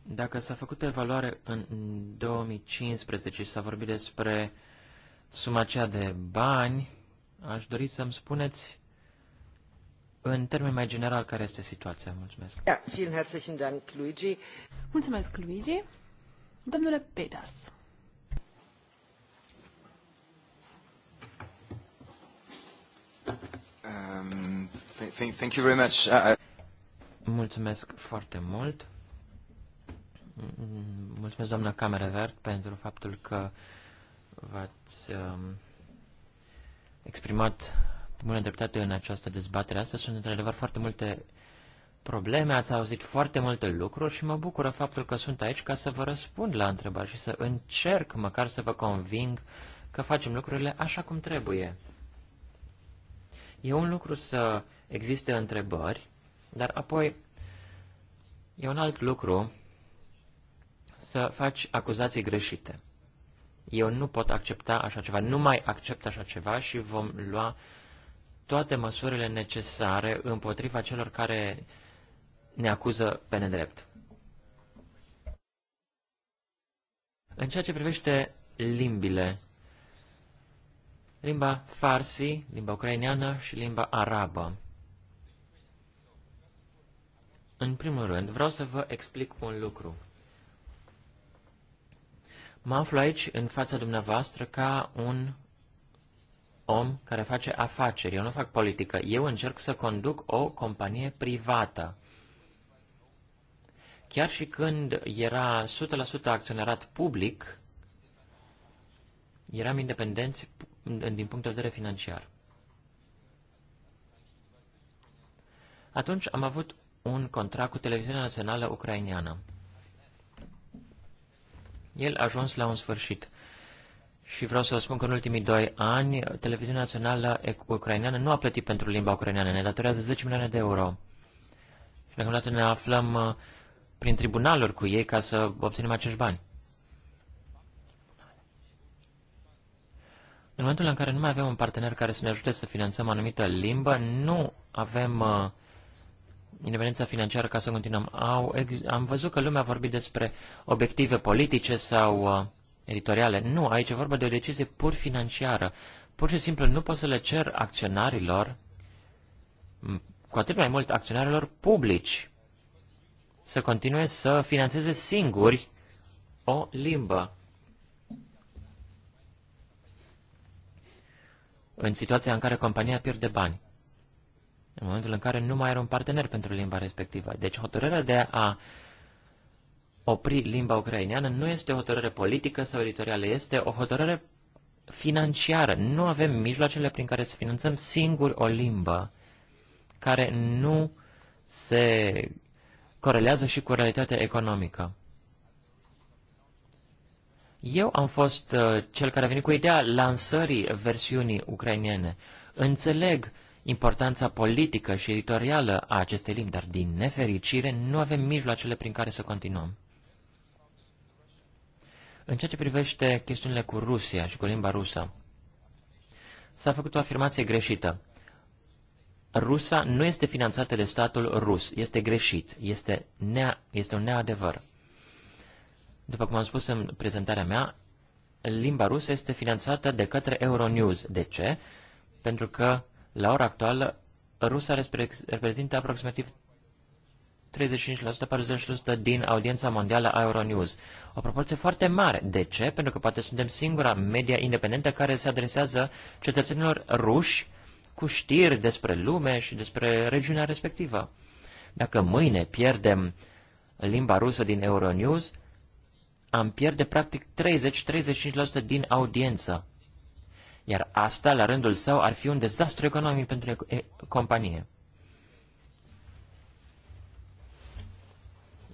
Dacă s-a făcut evaluare în 2015 și s-a vorbit despre suma aceea de bani, aș dori să-mi spuneți în termen mai general care este situația. Mulțumesc. Ja, vielen herzlichen Dank, Luigi. Mulțumesc, Luigi. Domnule Peters. Um, thank, thank you very much. Uh, Mulțumesc foarte mult. Mulțumesc, doamna Camerevert, pentru faptul că v-ați um, exprimat bună dreptate în această dezbatere. Astăzi sunt într-adevăr foarte multe probleme, ați auzit foarte multe lucruri și mă bucură faptul că sunt aici ca să vă răspund la întrebări și să încerc măcar să vă conving că facem lucrurile așa cum trebuie. E un lucru să existe întrebări, dar apoi e un alt lucru să faci acuzații greșite. Eu nu pot accepta așa ceva, nu mai accept așa ceva și vom lua toate măsurile necesare împotriva celor care ne acuză pe nedrept. În ceea ce privește limbile, limba farsi, limba ucraineană și limba arabă. În primul rând, vreau să vă explic un lucru. Mă aflu aici, în fața dumneavoastră, ca un om care face afaceri. Eu nu fac politică. Eu încerc să conduc o companie privată. Chiar și când era 100% acționarat public, eram independenți din punct de vedere financiar. Atunci am avut un contract cu televiziunea națională ucraineană el a ajuns la un sfârșit. Și vreau să vă spun că în ultimii doi ani, televiziunea națională ucraineană nu a plătit pentru limba ucraineană, ne datorează 10 milioane de euro. Și deocamdată ne aflăm uh, prin tribunaluri cu ei ca să obținem acești bani. În momentul în care nu mai avem un partener care să ne ajute să finanțăm anumită limbă, nu avem uh, independența financiară, ca să continuăm, au, am văzut că lumea a vorbit despre obiective politice sau uh, editoriale. Nu, aici e vorba de o decizie pur financiară. Pur și simplu nu pot să le cer acționarilor, cu atât mai mult acționarilor publici, să continue să financeze singuri o limbă. În situația în care compania pierde bani în momentul în care nu mai are un partener pentru limba respectivă. Deci hotărârea de a opri limba ucraineană nu este o hotărâre politică sau editorială, este o hotărâre financiară. Nu avem mijloacele prin care să finanțăm singur o limbă care nu se corelează și cu realitatea economică. Eu am fost uh, cel care a venit cu ideea lansării versiunii ucrainene. Înțeleg uh, importanța politică și editorială a acestei limbi, dar din nefericire nu avem mijloacele prin care să continuăm. În ceea ce privește chestiunile cu Rusia și cu limba rusă, s-a făcut o afirmație greșită. Rusa nu este finanțată de statul rus. Este greșit. Este, nea, este un neadevăr. După cum am spus în prezentarea mea, limba rusă este finanțată de către Euronews. De ce? Pentru că la ora actuală, Rusia reprezintă aproximativ 35%-40% din audiența mondială a Euronews. O proporție foarte mare. De ce? Pentru că poate suntem singura media independentă care se adresează cetățenilor ruși cu știri despre lume și despre regiunea respectivă. Dacă mâine pierdem limba rusă din Euronews, am pierde practic 30-35% din audiență iar asta, la rândul său, ar fi un dezastru economic pentru companie.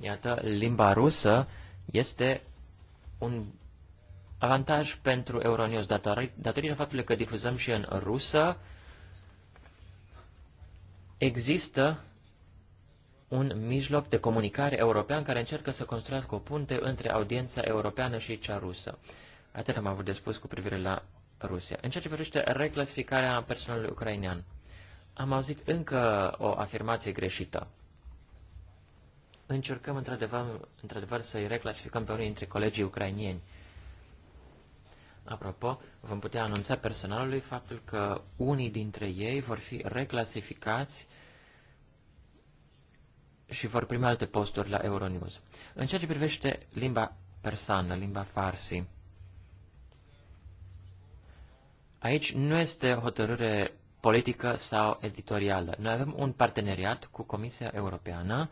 Iată, limba rusă este un avantaj pentru Euronews datorită faptului că difuzăm și în rusă. Există un mijloc de comunicare european care încearcă să construiască o punte între audiența europeană și cea rusă. Atât am avut de spus cu privire la Rusia. În ceea ce privește reclasificarea personalului ucrainean, am auzit încă o afirmație greșită. Încercăm într-adevăr, într să-i reclasificăm pe unii dintre colegii ucrainieni. Apropo, vom putea anunța personalului faptul că unii dintre ei vor fi reclasificați și vor primi alte posturi la Euronews. În ceea ce privește limba persană, limba farsi, Aici nu este hotărâre politică sau editorială. Noi avem un parteneriat cu Comisia Europeană,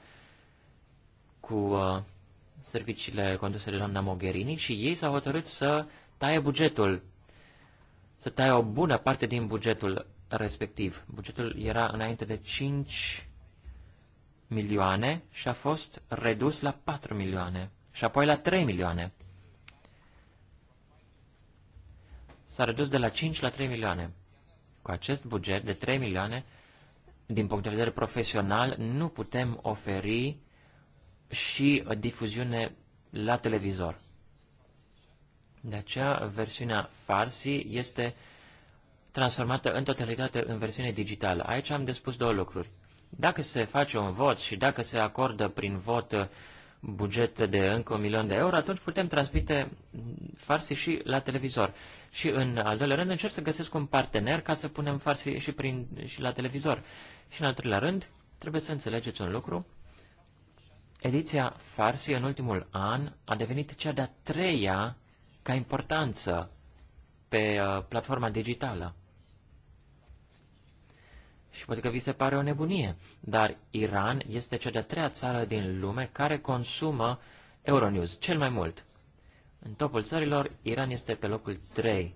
cu uh, serviciile conduse de doamna Mogherini și ei s-au hotărât să taie bugetul, să taie o bună parte din bugetul respectiv. Bugetul era înainte de 5 milioane și a fost redus la 4 milioane și apoi la 3 milioane. s-a redus de la 5 la 3 milioane. Cu acest buget de 3 milioane, din punct de vedere profesional, nu putem oferi și difuziune la televizor. De aceea, versiunea Farsi este transformată în totalitate în versiune digitală. Aici am de spus două lucruri. Dacă se face un vot și dacă se acordă prin vot uh, buget de încă un milion de euro, atunci putem transmite farsi și la televizor. Și în al doilea rând încerc să găsesc un partener ca să punem farsi și, prin, și la televizor. Și în al treilea rând, trebuie să înțelegeți un lucru. Ediția farsi în ultimul an a devenit cea de-a treia ca importanță pe uh, platforma digitală. Și poate că vi se pare o nebunie, dar Iran este cea de-a treia țară din lume care consumă Euronews cel mai mult. În topul țărilor, Iran este pe locul 3.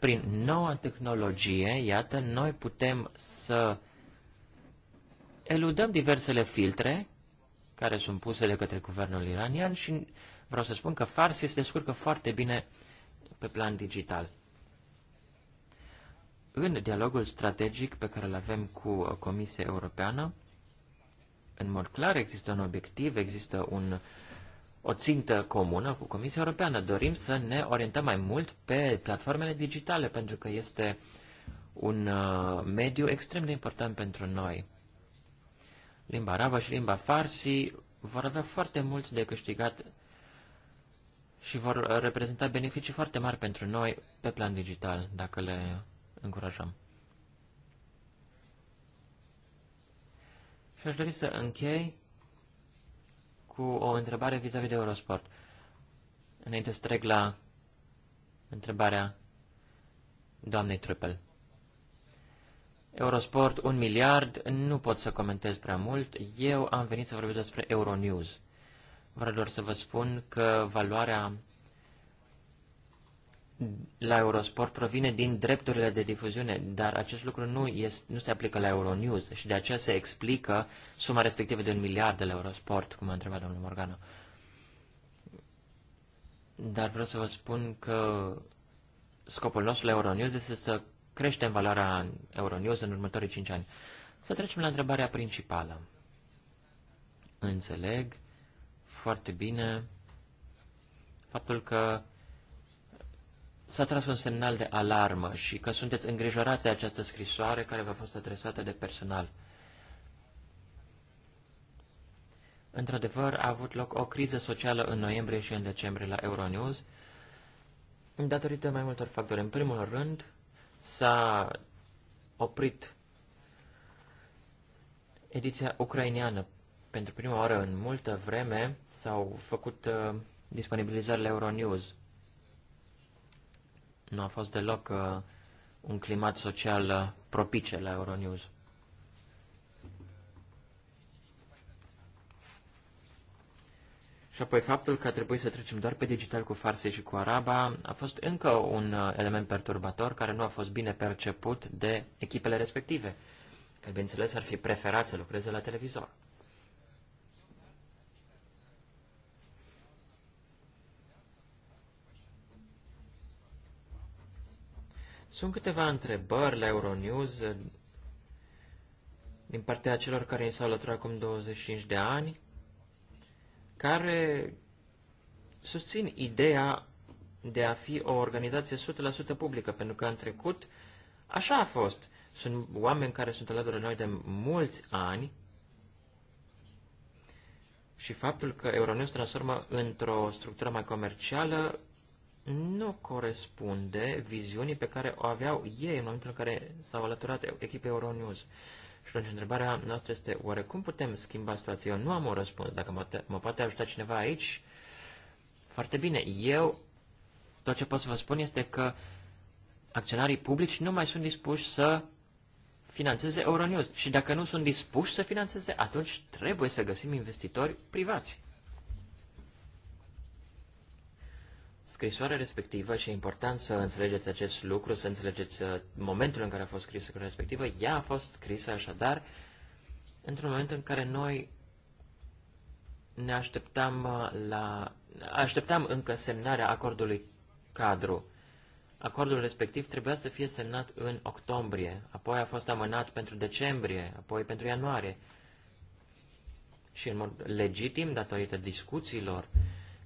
Prin noua tehnologie, iată, noi putem să eludăm diversele filtre care sunt puse de către guvernul iranian și vreau să spun că Farsi se descurcă foarte bine pe plan digital. În dialogul strategic pe care îl avem cu uh, Comisia Europeană, în mod clar există un obiectiv, există un, o țintă comună cu Comisia Europeană. Dorim să ne orientăm mai mult pe platformele digitale, pentru că este un uh, mediu extrem de important pentru noi. Limba arabă și limba farsi vor avea foarte mult de câștigat și vor uh, reprezenta beneficii foarte mari pentru noi pe plan digital, dacă le încurajăm. Și aș dori să închei cu o întrebare vis-a-vis -vis de Eurosport. Înainte să trec la întrebarea doamnei Trupel. Eurosport, un miliard, nu pot să comentez prea mult. Eu am venit să vorbesc despre Euronews. Vreau doar să vă spun că valoarea la Eurosport provine din drepturile de difuziune, dar acest lucru nu, este, nu se aplică la Euronews și de aceea se explică suma respectivă de un miliard de la Eurosport, cum a întrebat domnul Morgana. Dar vreau să vă spun că scopul nostru la Euronews este să creștem valoarea Euronews în următorii 5 ani. Să trecem la întrebarea principală. Înțeleg foarte bine faptul că s-a tras un semnal de alarmă și că sunteți îngrijorați de această scrisoare care v-a fost adresată de personal. Într-adevăr, a avut loc o criză socială în noiembrie și în decembrie la Euronews, datorită mai multor factori. În primul rând, s-a oprit ediția ucraineană. Pentru prima oară în multă vreme s-au făcut uh, disponibilizările Euronews nu a fost deloc uh, un climat social uh, propice la Euronews. Și apoi faptul că a trebuit să trecem doar pe digital cu farse și cu araba a fost încă un uh, element perturbator care nu a fost bine perceput de echipele respective, că bineînțeles ar fi preferat să lucreze la televizor. Sunt câteva întrebări la Euronews eh, din partea celor care ni s-au alăturat acum 25 de ani, care susțin ideea de a fi o organizație 100% publică, pentru că în trecut așa a fost. Sunt oameni care sunt alături de noi de mulți ani și faptul că Euronews transformă într-o structură mai comercială nu corespunde viziunii pe care o aveau ei în momentul în care s-au alăturat echipei Euronews. Și atunci întrebarea noastră este, oare cum putem schimba situația? Eu nu am o răspuns. Dacă mă, mă poate ajuta cineva aici, foarte bine. Eu, tot ce pot să vă spun este că acționarii publici nu mai sunt dispuși să financeze Euronews. Și dacă nu sunt dispuși să financeze, atunci trebuie să găsim investitori privați. scrisoarea respectivă și e important să înțelegeți acest lucru, să înțelegeți uh, momentul în care a fost scrisă scrisoarea respectivă. Ea a fost scrisă așadar într-un moment în care noi ne așteptam uh, la... așteptam încă semnarea acordului cadru. Acordul respectiv trebuia să fie semnat în octombrie, apoi a fost amânat pentru decembrie, apoi pentru ianuarie. Și în mod legitim, datorită discuțiilor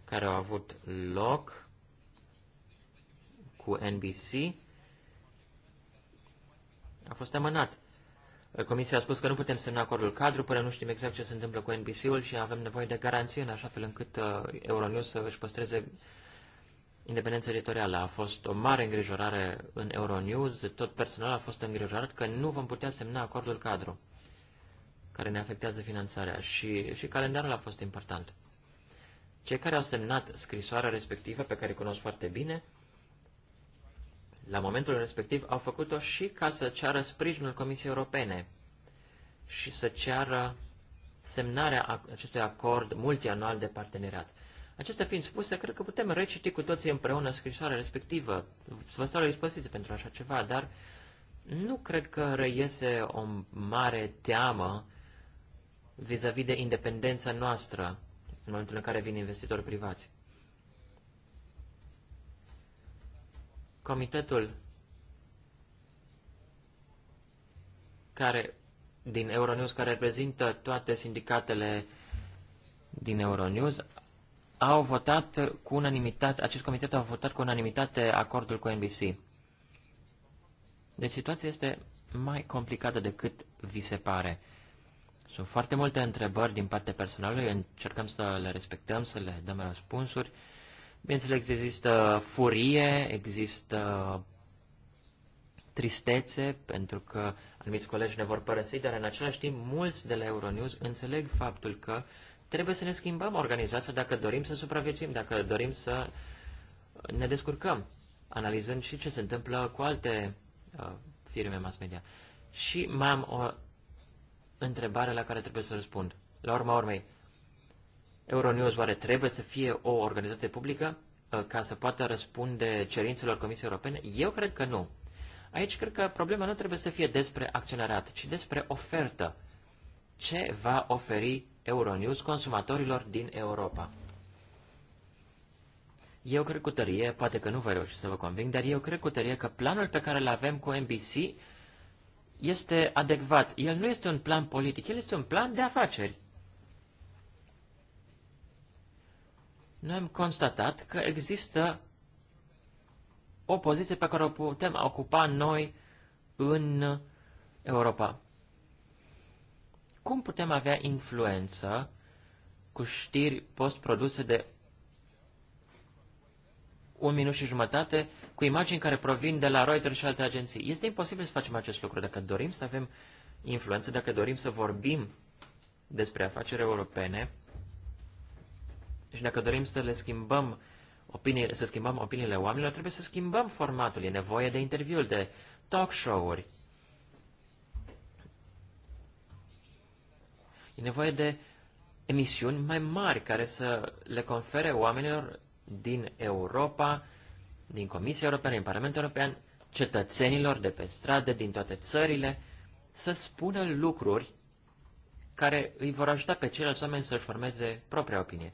care au avut loc, cu NBC a fost amânat. Comisia a spus că nu putem semna acordul cadru până nu știm exact ce se întâmplă cu NBC-ul și avem nevoie de garanție în așa fel încât uh, Euronews să își păstreze independența editorială. A fost o mare îngrijorare în Euronews, tot personal a fost îngrijorat că nu vom putea semna acordul cadru care ne afectează finanțarea și, și calendarul a fost important. Cei care au semnat scrisoarea respectivă, pe care o cunosc foarte bine, la momentul respectiv au făcut-o și ca să ceară sprijinul Comisiei Europene și să ceară semnarea acestui acord multianual de parteneriat. Acestea fiind spuse, cred că putem reciti cu toții împreună scrisoarea respectivă. Vă stau la dispoziție pentru așa ceva, dar nu cred că reiese o mare teamă vis-a-vis -vis de independența noastră în momentul în care vin investitori privați. Comitetul care, din Euronews, care reprezintă toate sindicatele din Euronews, au votat cu unanimitate, acest comitet a votat cu unanimitate acordul cu NBC. Deci situația este mai complicată decât vi se pare. Sunt foarte multe întrebări din partea personalului, încercăm să le respectăm, să le dăm răspunsuri. Bineînțeles, există furie, există tristețe, pentru că anumiți colegi ne vor părăsi, dar în același timp mulți de la Euronews înțeleg faptul că trebuie să ne schimbăm organizația dacă dorim să supraviețuim, dacă dorim să ne descurcăm, analizând și ce se întâmplă cu alte uh, firme mass media. Și mai am o uh, întrebare la care trebuie să răspund. La urma urmei, Euronews oare trebuie să fie o organizație publică uh, ca să poată răspunde cerințelor Comisiei Europene? Eu cred că nu. Aici cred că problema nu trebuie să fie despre acționariat, ci despre ofertă. Ce va oferi Euronews consumatorilor din Europa? Eu cred cu tărie, poate că nu vă reuși să vă conving, dar eu cred cu tărie că planul pe care îl avem cu NBC este adecvat. El nu este un plan politic, el este un plan de afaceri. Noi am constatat că există o poziție pe care o putem ocupa noi în Europa. Cum putem avea influență cu știri postproduse de un minut și jumătate cu imagini care provin de la Reuters și alte agenții. Este imposibil să facem acest lucru dacă dorim să avem influență, dacă dorim să vorbim despre afaceri europene, și dacă dorim să le schimbăm opinii, să schimbăm opiniile oamenilor, trebuie să schimbăm formatul. E nevoie de interviuri, de talk show-uri. E nevoie de emisiuni mai mari care să le confere oamenilor din Europa, din Comisia Europeană, din Parlamentul European, cetățenilor de pe stradă, din toate țările, să spună lucruri care îi vor ajuta pe ceilalți oameni să-și formeze propria opinie.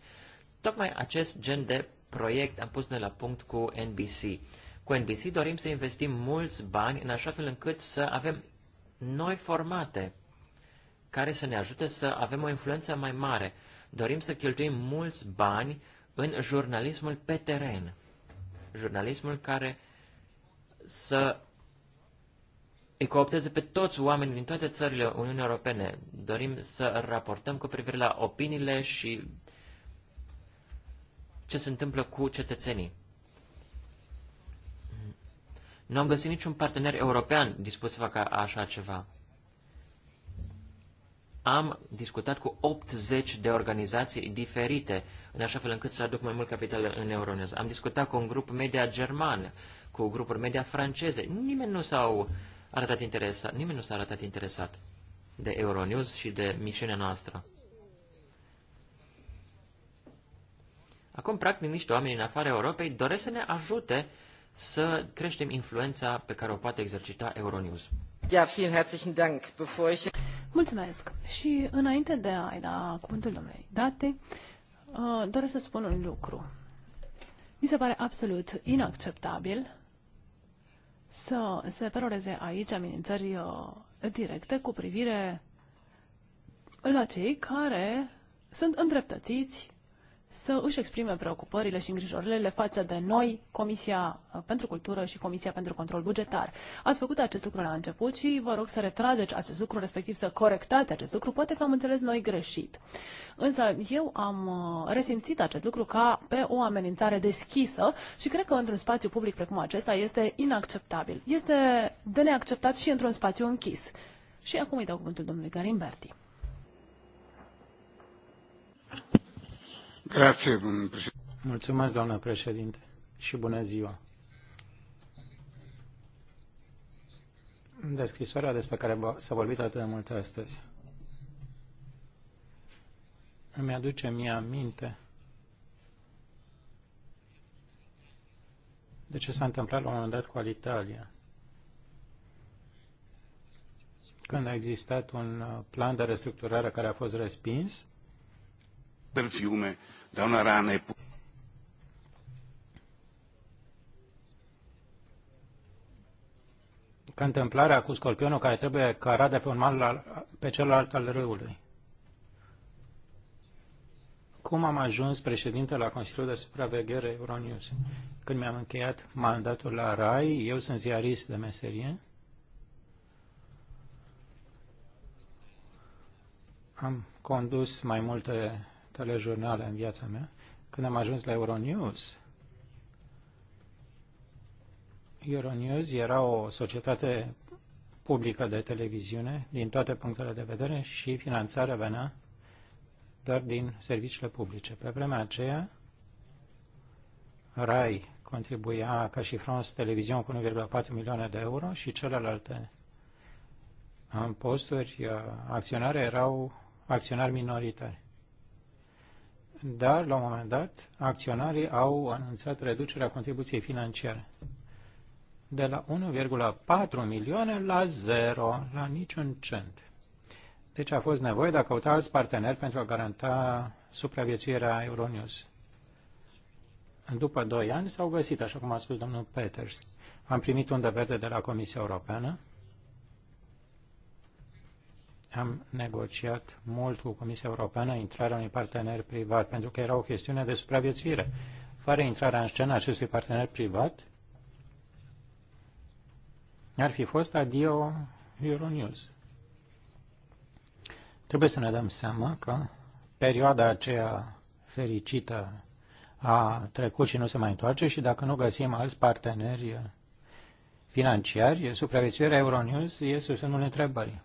Tocmai acest gen de proiect am pus noi la punct cu NBC. Cu NBC dorim să investim mulți bani în așa fel încât să avem noi formate care să ne ajute să avem o influență mai mare. Dorim să cheltuim mulți bani în jurnalismul pe teren. Jurnalismul care să îi coopteze pe toți oamenii din toate țările Uniunii Europene. Dorim să raportăm cu privire la opiniile și ce se întâmplă cu cetățenii. Nu am găsit niciun partener european dispus să facă așa ceva. Am discutat cu 80 de organizații diferite, în așa fel încât să aduc mai mult capital în EuroNews. Am discutat cu un grup media german, cu grupuri media franceze. Nimeni nu s a arătat interesat, nimeni nu s-a arătat interesat de Euronews și de misiunea noastră. Acum, practic, niște oameni în afara Europei doresc să ne ajute să creștem influența pe care o poate exercita Euronews. Ja, vielen herzlichen Dank. Bevor ich... Mulțumesc. Și înainte de a-i da cuvântul domnului Date, uh, doresc să spun un lucru. Mi se pare absolut inacceptabil să se peroreze aici amenințări uh, directe cu privire la cei care sunt îndreptățiți să își exprime preocupările și îngrijorările față de noi, Comisia uh, pentru Cultură și Comisia pentru Control Bugetar. Ați făcut acest lucru la început și vă rog să retrageți acest lucru, respectiv să corectați acest lucru. Poate că am înțeles noi greșit. Însă eu am uh, resimțit acest lucru ca pe o amenințare deschisă și cred că într-un spațiu public precum acesta este inacceptabil. Este de neacceptat și într-un spațiu închis. Și acum îi dau cuvântul domnului Garimberti. Mulțumesc, doamnă președinte, și bună ziua. De despre care s-a vorbit atât de mult astăzi. Îmi aduce mie aminte de ce s-a întâmplat la un moment dat cu Alitalia. Când a existat un uh, plan de restructurare care a fost respins, del fiume Doamna Rane... Ca întâmplarea cu scorpionul care trebuie cărat de pe un mal la, pe celălalt al râului. Cum am ajuns președinte la Consiliul de Supraveghere Euronews? Când mi-am încheiat mandatul la RAI, eu sunt ziarist de meserie, am condus mai multe telejurnale în viața mea. Când am ajuns la Euronews, Euronews era o societate publică de televiziune din toate punctele de vedere și finanțarea venea doar din serviciile publice. Pe vremea aceea, RAI contribuia ca și France Televizion cu 1,4 milioane de euro și celelalte posturi uh, acționare erau acționari minoritari dar la un moment dat acționarii au anunțat reducerea contribuției financiare de la 1,4 milioane la zero, la niciun cent. Deci a fost nevoie de a căuta alți parteneri pentru a garanta supraviețuirea Euronews. După 2 ani s-au găsit, așa cum a spus domnul Peters. Am primit un verde de la Comisia Europeană am negociat mult cu Comisia Europeană intrarea unui partener privat, pentru că era o chestiune de supraviețuire. Fără intrarea în scenă acestui partener privat, ar fi fost adio Euronews. Trebuie să ne dăm seama că perioada aceea fericită a trecut și nu se mai întoarce și dacă nu găsim alți parteneri financiari, supraviețuirea Euronews este sub semnul întrebării.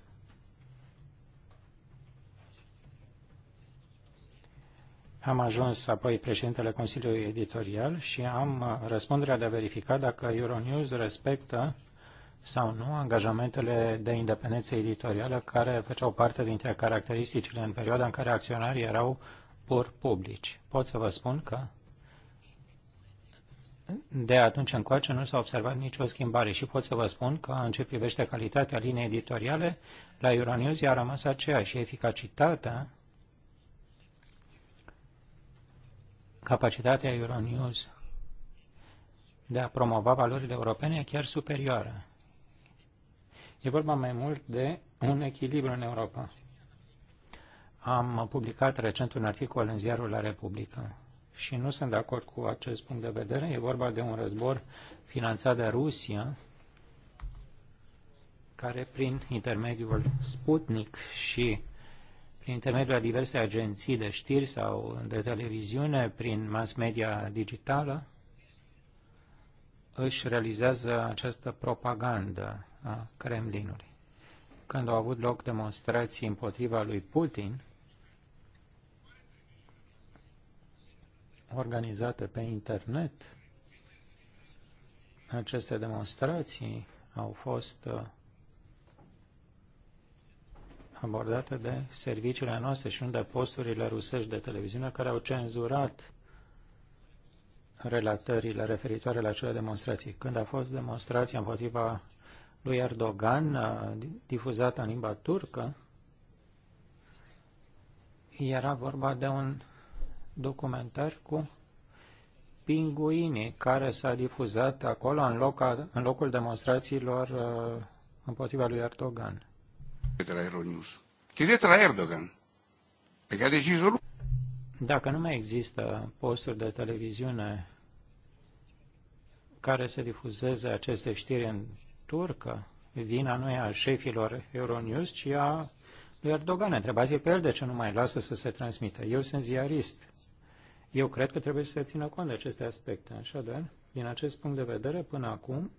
Am ajuns apoi președintele Consiliului Editorial și am uh, răspunderea de a verifica dacă Euronews respectă sau nu angajamentele de independență editorială care făceau parte dintre caracteristicile în perioada în care acționarii erau pur publici. Pot să vă spun că de atunci încoace nu s-a observat nicio schimbare și pot să vă spun că în ce privește calitatea liniei editoriale, la Euronews i a rămas aceeași eficacitatea capacitatea Euronews de a promova valorile europene e chiar superioară. E vorba mai mult de un echilibru în Europa. Am publicat recent un articol în ziarul La Republică și nu sunt de acord cu acest punct de vedere. E vorba de un război finanțat de Rusia care prin intermediul Sputnik și prin intermediul a diverse agenții de știri sau de televiziune, prin mass media digitală, își realizează această propagandă a Kremlinului. Când au avut loc demonstrații împotriva lui Putin, organizate pe internet, aceste demonstrații au fost uh, abordată de serviciile noastre și unde posturile rusești de televiziune care au cenzurat relatările referitoare la acele demonstrații. Când a fost demonstrația împotriva lui Erdogan, uh, difuzată în limba turcă, era vorba de un documentar cu pinguinii care s-a difuzat acolo în, loc, în locul demonstrațiilor uh, împotriva lui Erdogan de la Euronews. Chiedeți la Erdogan. Pe care decizul... Dacă nu mai există posturi de televiziune care să difuzeze aceste știri în turcă, vina nu e a șefilor Euronews, ci a lui Erdogan. Întrebați-l pe el de ce nu mai lasă să se transmită. Eu sunt ziarist. Eu cred că trebuie să se țină cont de aceste aspecte. Așadar, din acest punct de vedere, până acum,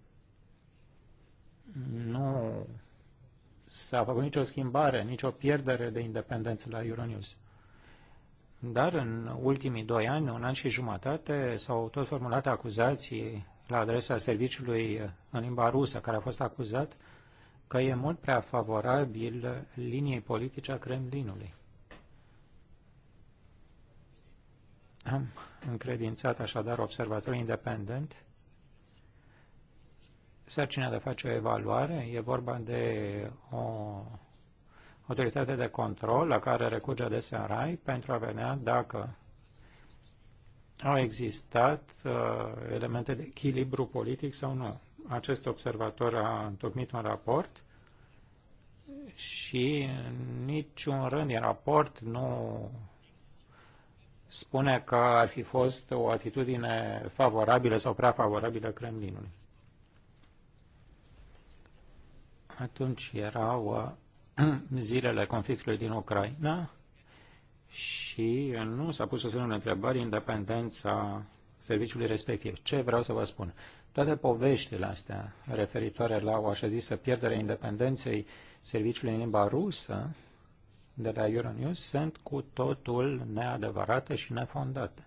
nu s-a făcut nicio schimbare, nicio pierdere de independență la Euronews. Dar în ultimii doi ani, un an și jumătate, s-au tot formulat acuzații la adresa serviciului în limba rusă, care a fost acuzat că e mult prea favorabil liniei politice a Kremlinului. Am încredințat așadar observatorul independent sarcina de a face o evaluare. E vorba de o autoritate de control la care recurge adesea RAI pentru a vedea dacă au existat uh, elemente de echilibru politic sau nu. Acest observator a întocmit un raport și niciun rând din raport nu spune că ar fi fost o atitudine favorabilă sau prea favorabilă Kremlinului. Atunci erau uh, zilele conflictului din Ucraina și uh, nu s-a pus o semnul întrebări independența serviciului respectiv. Ce vreau să vă spun? Toate poveștile astea referitoare la o așa zisă pierdere independenței serviciului în limba rusă de la Euronews sunt cu totul neadevărate și nefondate.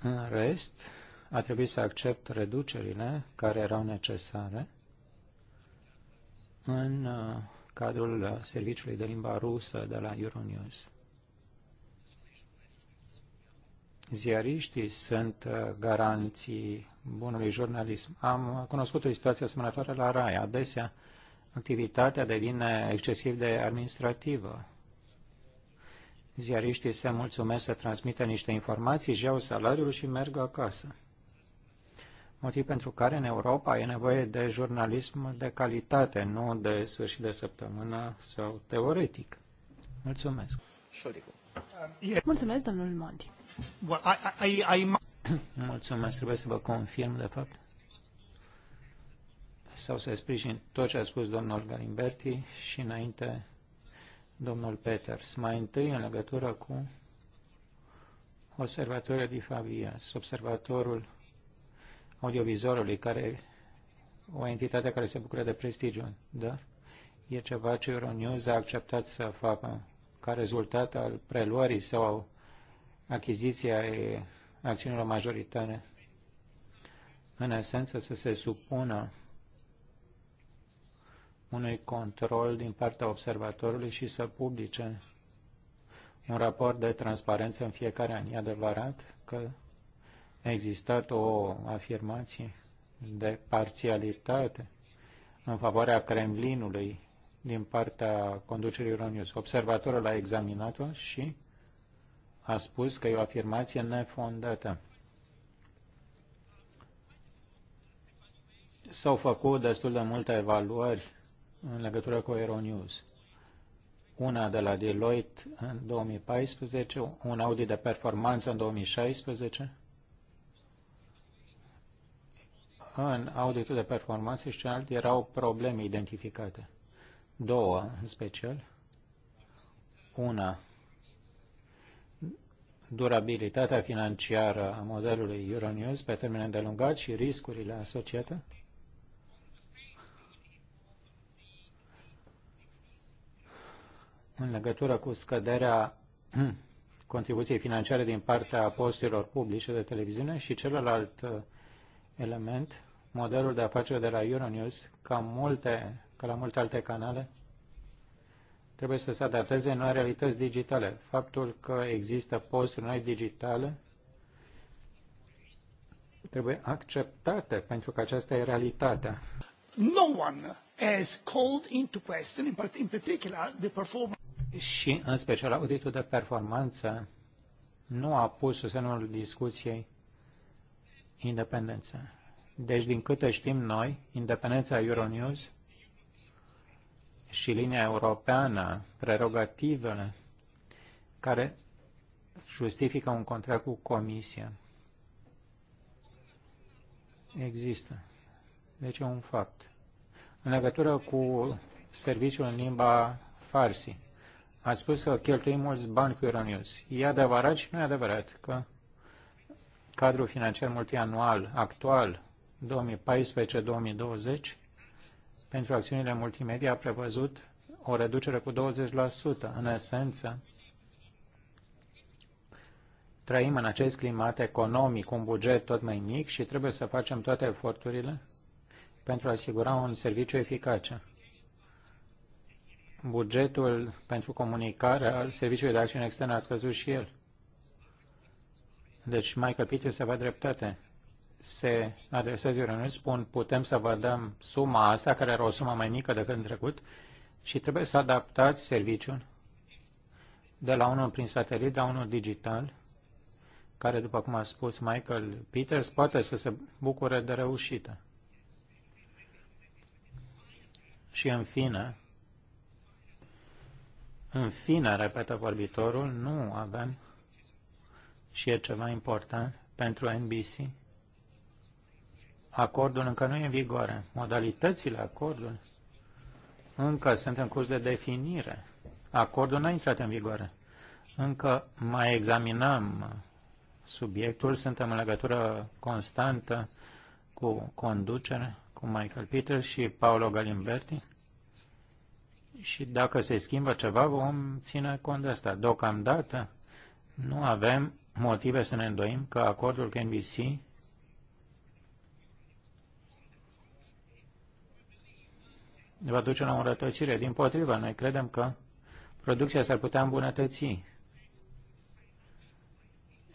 În rest, a trebuit să accept reducerile care erau necesare în uh, cadrul uh, serviciului de limba rusă de la Euronews. Ziariștii sunt uh, garanții bunului jurnalism. Am cunoscut o situație asemănătoare la RAI. Adesea, activitatea devine excesiv de administrativă. Ziariștii se mulțumesc să transmită niște informații, își iau salariul și merg acasă motiv pentru care în Europa e nevoie de jurnalism de calitate, nu de sfârșit de săptămână sau teoretic. Mulțumesc. Mulțumesc, domnul Monti. Mulțumesc, trebuie să vă confirm, de fapt, sau să sprijin tot ce a spus domnul Galimberti și înainte domnul Peters. Mai întâi, în legătură cu observatorul Di Favias, observatorul audiovizorului, care o entitate care se bucură de prestigiu, da, e ceva ce Euronews a acceptat să facă ca rezultat al preluării sau achiziția acțiunilor majoritare, în esență să se supună unui control din partea observatorului și să publice un raport de transparență în fiecare an. E adevărat că a existat o afirmație de parțialitate în favoarea Kremlinului din partea conducerii EuroNews. Observatorul a examinat-o și a spus că e o afirmație nefondată. S-au făcut destul de multe evaluări în legătură cu Euronews. Una de la Deloitte în 2014, un audit de performanță în 2016, în auditul de performanță și celălalt erau probleme identificate. Două, în special. Una, durabilitatea financiară a modelului Euronews pe termen îndelungat și riscurile asociate. În legătură cu scăderea contribuției financiare din partea posturilor publice de televiziune și celălalt uh, element modelul de afaceri de la Euronews, ca, multe, ca la multe alte canale, trebuie să se adapteze în noi realități digitale. Faptul că există posturi noi digitale trebuie acceptate pentru că aceasta e realitatea. No one has called into question, in particular, the performance. Și, în special, auditul de performanță nu a pus în semnul discuției independența. Deci, din câte știm noi, independența Euronews și linia europeană, prerogativele care justifică un contract cu Comisia, există. Deci e un fapt. În legătură cu serviciul în limba farsi, a spus că cheltuim mulți bani cu Euronews. E adevărat și nu e adevărat că cadrul financiar multianual actual 2014-2020 pentru acțiunile multimedia a prevăzut o reducere cu 20%. În esență, trăim în acest climat economic, un buget tot mai mic și trebuie să facem toate eforturile pentru a asigura un serviciu eficace. Bugetul pentru comunicare al Serviciului de Acțiune Externă a scăzut și el. Deci, Michael Peter se va dreptate se adresează Ionuț, spun putem să vă dăm suma asta, care era o sumă mai mică decât în trecut, și trebuie să adaptați serviciul de la unul prin satelit la unul digital, care, după cum a spus Michael Peters, poate să se bucure de reușită. Și în fine, în fine, repetă vorbitorul, nu avem, și e ceva important pentru NBC, Acordul încă nu e în vigoare. Modalitățile acordului încă sunt în curs de definire. Acordul nu a intrat în vigoare. Încă mai examinăm subiectul, suntem în legătură constantă cu conducere, cu Michael Peter și Paolo Galimberti. Și dacă se schimbă ceva, vom ține cont de asta. Deocamdată nu avem motive să ne îndoim că acordul cu NBC va duce la o înrătăcire. Din potrivă, noi credem că producția s-ar putea îmbunătăți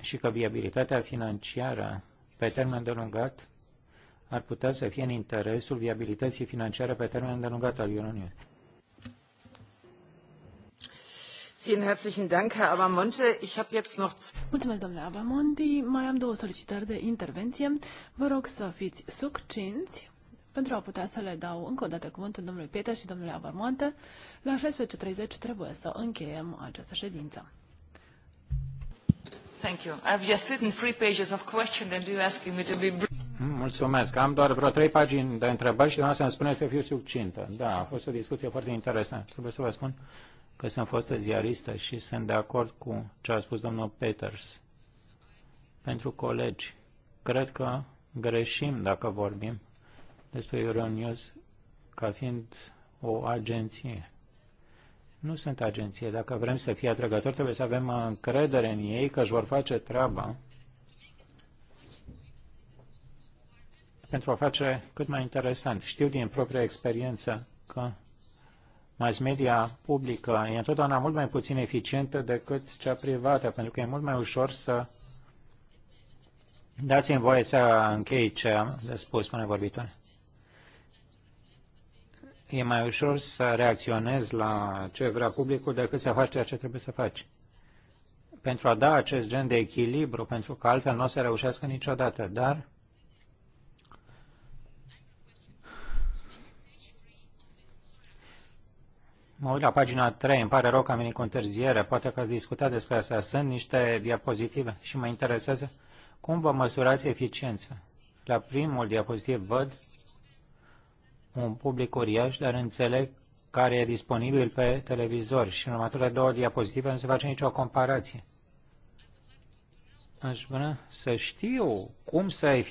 și că viabilitatea financiară pe termen delungat ar putea să fie în interesul viabilității financiare pe termen delungat al Uniunii. Mulțumesc, domnule Abamonti. Mai am două solicitări de intervenție. Vă rog să fiți succinți pentru a putea să le dau încă o dată cuvântul domnului Pieter și domnului Avarmoante. La 16.30 trebuie să încheiem această ședință. Thank you. I've just written three pages of questions and you're asking me to be brief. Mulțumesc. Am doar vreo trei pagini de întrebări și dumneavoastră îmi spune să fiu succintă. Da, a fost o discuție foarte interesantă. Trebuie să vă spun că sunt fost ziaristă și sunt de acord cu ce a spus domnul Peters. Pentru colegi, cred că greșim dacă vorbim despre Euronews ca fiind o agenție. Nu sunt agenție. Dacă vrem să fie atrăgători, trebuie să avem încredere în ei că își vor face treaba pentru a face cât mai interesant. Știu din propria experiență că mass media publică e întotdeauna mult mai puțin eficientă decât cea privată, pentru că e mult mai ușor să dați-mi voie să închei ce am de spus, spune vorbitoare. E mai ușor să reacționezi la ce vrea publicul decât să faci ceea ce trebuie să faci. Pentru a da acest gen de echilibru, pentru că altfel nu o să reușească niciodată, dar Mă uit la pagina 3, îmi pare rău că am venit cu întârziere, poate că ați discutat despre asta. Sunt niște diapozitive și mă interesează cum vă măsurați eficiența. La primul diapozitiv văd un public uriaș, dar înțeleg care e disponibil pe televizor și în următoarele două diapozitive nu se face nicio comparație. Aș vrea să știu cum să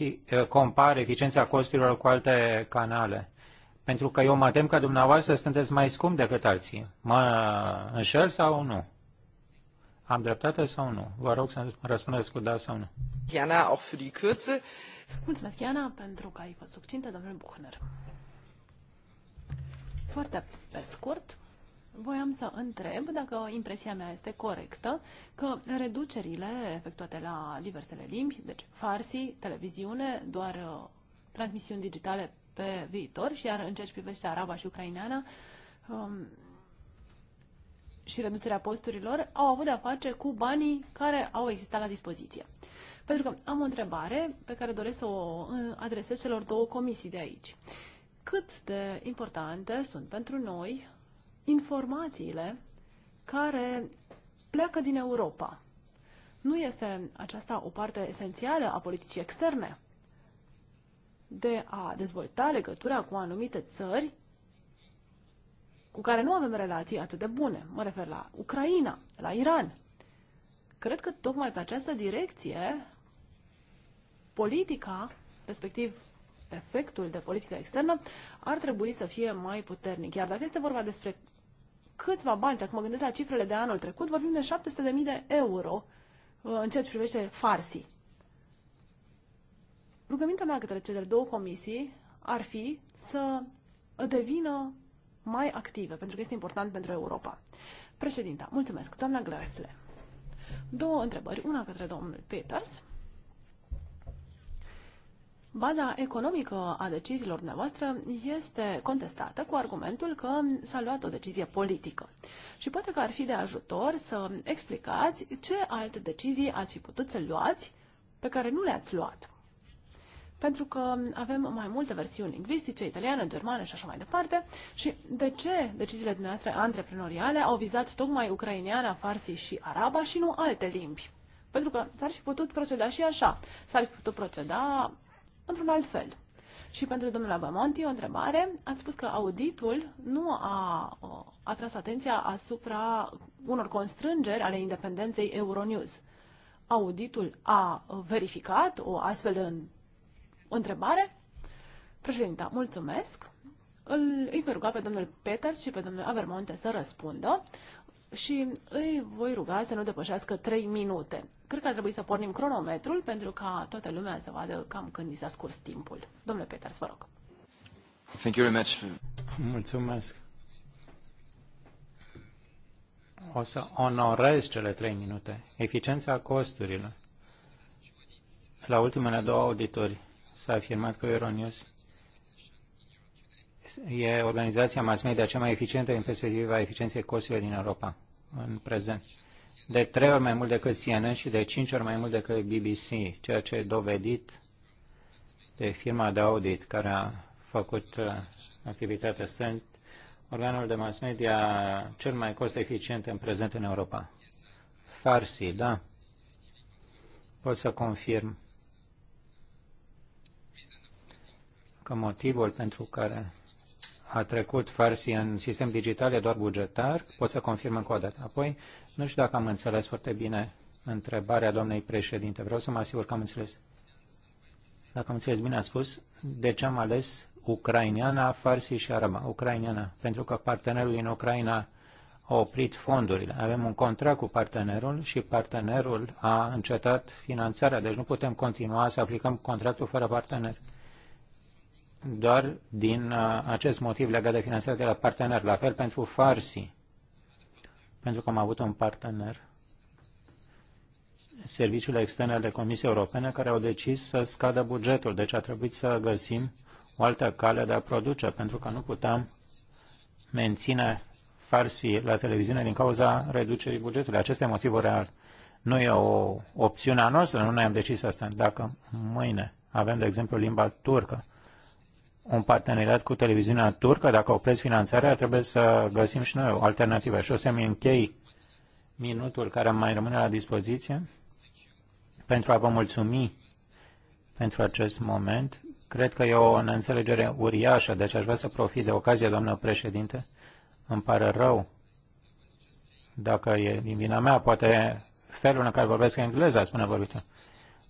compar eficiența costurilor cu alte canale. Pentru că eu mă tem că dumneavoastră sunteți mai scump decât alții. Mă înșel sau nu? Am dreptate sau nu? Vă rog să răspundeți cu da sau nu. Iana, auch für die Kürze. Mulțumesc, Iana, pentru că ai fost succintă, domnule Buchner. Foarte pe scurt, voiam să întreb dacă impresia mea este corectă că reducerile efectuate la diversele limbi, deci farsi, televiziune, doar uh, transmisiuni digitale pe viitor și iar în ceea ce privește araba și ucraineana um, și reducerea posturilor au avut de-a face cu banii care au existat la dispoziție. Pentru că am o întrebare pe care doresc să o uh, adresez celor două comisii de aici. Uh, cât de importante sunt pentru noi informațiile care pleacă din Europa. Nu este aceasta o parte esențială a politicii externe? De a dezvolta legătura cu anumite țări cu care nu avem relații atât de bune. Mă refer la Ucraina, la Iran. Cred că tocmai pe această direcție politica, respectiv efectul de politică externă ar trebui să fie mai puternic. Iar dacă este vorba despre câțiva bani, dacă mă gândesc la cifrele de anul trecut, vorbim de 700.000 de euro uh, în ceea ce privește farsi. Rugămintea mea către cele două comisii ar fi să devină mai active, pentru că este important pentru Europa. Președinta, mulțumesc. Doamna Glăsle. Două întrebări, una către domnul Peters baza economică a deciziilor dumneavoastră este contestată cu argumentul că s-a luat o decizie politică. Și poate că ar fi de ajutor să explicați ce alte decizii ați fi putut să luați pe care nu le-ați luat. Pentru că avem mai multe versiuni lingvistice, italiană, germană și așa mai departe. Și de ce deciziile dumneavoastră antreprenoriale au vizat tocmai ucraineana, farsi și araba și nu alte limbi? Pentru că s-ar fi putut proceda și așa. S-ar fi putut proceda într-un alt fel. Și pentru domnul Abamonti, o întrebare. Ați spus că auditul nu a uh, atras atenția asupra unor constrângeri ale independenței Euronews. Auditul a uh, verificat o astfel de întrebare? Președinta, mulțumesc. Îl, îi voi ruga pe domnul Peters și pe domnul Avermonte să răspundă și îi voi ruga să nu depășească 3 minute. Cred că ar trebui să pornim cronometrul pentru ca toată lumea să vadă cam când i s-a scurs timpul. Domnule Peters, vă rog. Thank you very much. Mulțumesc. O să onorez cele trei minute. Eficiența costurilor. La ultimele două auditori s-a afirmat că Euronews e organizația mass media cea mai eficientă din perspectiva eficienței costurilor din Europa în prezent. De trei ori mai mult decât CNN și de cinci ori mai mult decât BBC, ceea ce e dovedit de firma de audit care a făcut uh, activitatea. Sunt organul de mass media cel mai cost eficient în prezent în Europa. Farsi, da. Pot să confirm că motivul pentru care a trecut Farsi în sistem digital, e doar bugetar, pot să confirm încă o dată. Apoi, nu știu dacă am înțeles foarte bine întrebarea doamnei președinte. Vreau să mă asigur că am înțeles. Dacă am înțeles bine, a spus de ce am ales ucrainiana, farsi și araba. Ucrainiana, pentru că partenerul din Ucraina a oprit fondurile. Avem un contract cu partenerul și partenerul a încetat finanțarea, deci nu putem continua să aplicăm contractul fără partener doar din uh, acest motiv legat de finanțare de la partener. La fel pentru Farsi, pentru că am avut un partener, serviciile externe ale Comisiei Europene, care au decis să scadă bugetul. Deci a trebuit să găsim o altă cale de a produce, pentru că nu puteam menține Farsi la televiziune din cauza reducerii bugetului. Aceste motive real. Nu e o opțiune a noastră, nu noi am decis asta. Dacă mâine avem, de exemplu, limba turcă, un parteneriat cu televiziunea turcă, dacă opresc finanțarea, trebuie să găsim și noi o alternativă. Și o să-mi închei minutul care mai rămâne la dispoziție pentru a vă mulțumi pentru acest moment. Cred că e o neînțelegere uriașă, deci aș vrea să profit de ocazie, doamnă președinte. Îmi pare rău dacă e din vina mea, poate felul în care vorbesc engleza, spune vorbitul.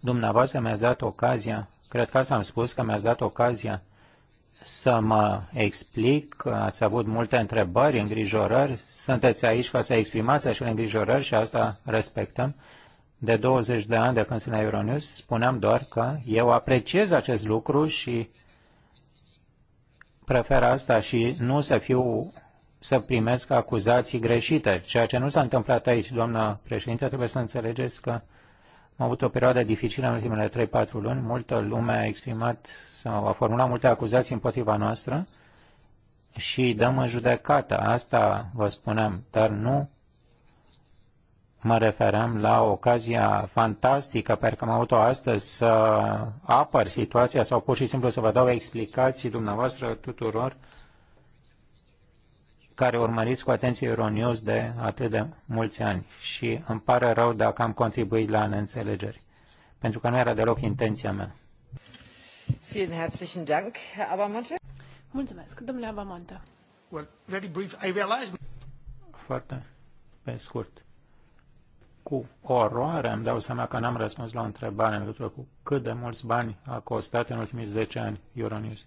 Dumneavoastră mi-ați dat ocazia, cred că asta am spus, că mi-ați dat ocazia să mă explic. Ați avut multe întrebări, îngrijorări. Sunteți aici ca să exprimați acele îngrijorări și asta respectăm. De 20 de ani de când sunt la Euronews, spuneam doar că eu apreciez acest lucru și prefer asta și nu să fiu să primesc acuzații greșite, ceea ce nu s-a întâmplat aici, doamna președinte, trebuie să înțelegeți că am avut o perioadă dificilă în ultimele 3-4 luni. Multă lume a exprimat sau a formulat multe acuzații împotriva noastră și dăm în judecată. Asta vă spuneam, dar nu mă referam la ocazia fantastică pe care am avut-o astăzi să apăr situația sau pur și simplu să vă dau explicații dumneavoastră tuturor care urmăriți cu atenție Euronews de atât de mulți ani și îmi pare rău dacă am contribuit la neînțelegeri, pentru că nu era deloc intenția mea. Mulțumesc, domnule Abamonte. Well, very brief. I Foarte pe scurt. Cu oroare îmi dau seama că n-am răspuns la o întrebare în legătură cu cât de mulți bani a costat în ultimii 10 ani Euronews.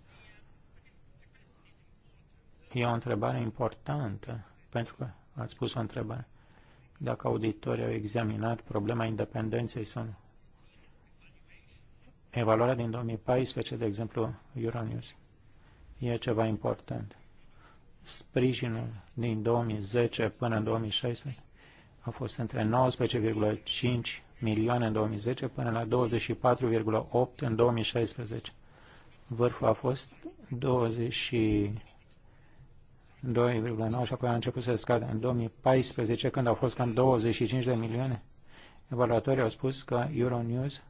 E o întrebare importantă, pentru că ați spus o întrebare. Dacă auditorii au examinat problema independenței sau nu. Evaluarea din 2014, de exemplu, Euronews, e ceva important. Sprijinul din 2010 până în 2016 a fost între 19,5 milioane în 2010 până la 24,8 în 2016. Vârful a fost 20 2,9 și apoi a început să scadă. În 2014, când au fost cam 25 de milioane, evaluatorii au spus că Euronews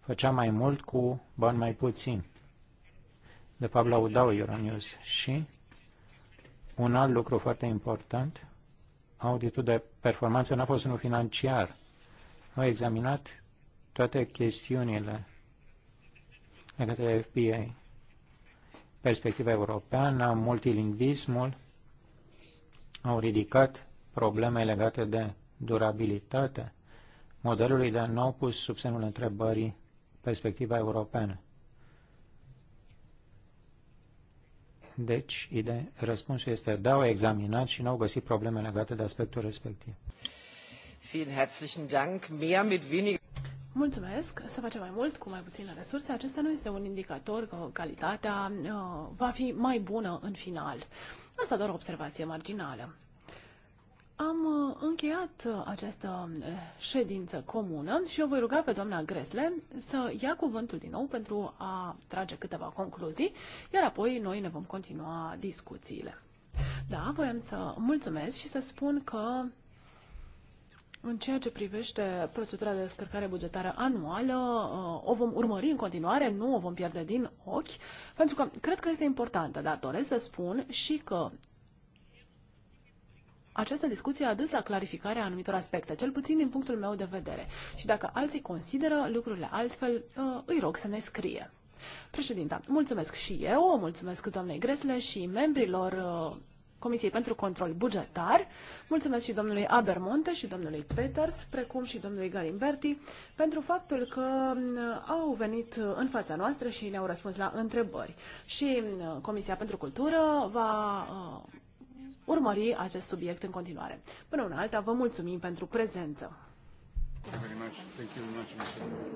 făcea mai mult cu bani mai puțin. De fapt, laudau Euronews. Și un alt lucru foarte important, auditul de performanță n-a fost unul financiar. Au examinat toate chestiunile legate de FBA perspectiva europeană, multilingvismul au ridicat probleme legate de durabilitate modelului, dar nu au pus sub semnul întrebării perspectiva europeană. Deci, ide- răspunsul este da, au examinat și n-au găsit probleme legate de aspectul respectiv. Vielen herzlichen Dank. Mehr mit weniger Mulțumesc, să facem mai mult cu mai puține resurse. Acesta nu este un indicator că calitatea uh, va fi mai bună în final. Asta doar o observație marginală. Am uh, încheiat uh, această uh, ședință comună și o voi ruga pe doamna Gresle să ia cuvântul din nou pentru a trage câteva concluzii, iar apoi noi ne vom continua discuțiile. Da, voiam să mulțumesc și să spun că în ceea ce privește procedura de descărcare bugetară anuală, uh, o vom urmări în continuare, nu o vom pierde din ochi, pentru că cred că este importantă, dar doresc să spun și că această discuție a dus la clarificarea anumitor aspecte, cel puțin din punctul meu de vedere. Și dacă alții consideră lucrurile altfel, uh, îi rog să ne scrie. Președinta, mulțumesc și eu, mulțumesc doamnei Gresle și membrilor uh, Comisiei pentru Control Bugetar. Mulțumesc și domnului Abermonte și domnului Peters, precum și domnului Galimberti, pentru faptul că mm, au venit în fața noastră și ne-au răspuns la întrebări. Și mm, Comisia pentru Cultură va uh, urmări acest subiect în continuare. Până una alta, vă mulțumim pentru prezență.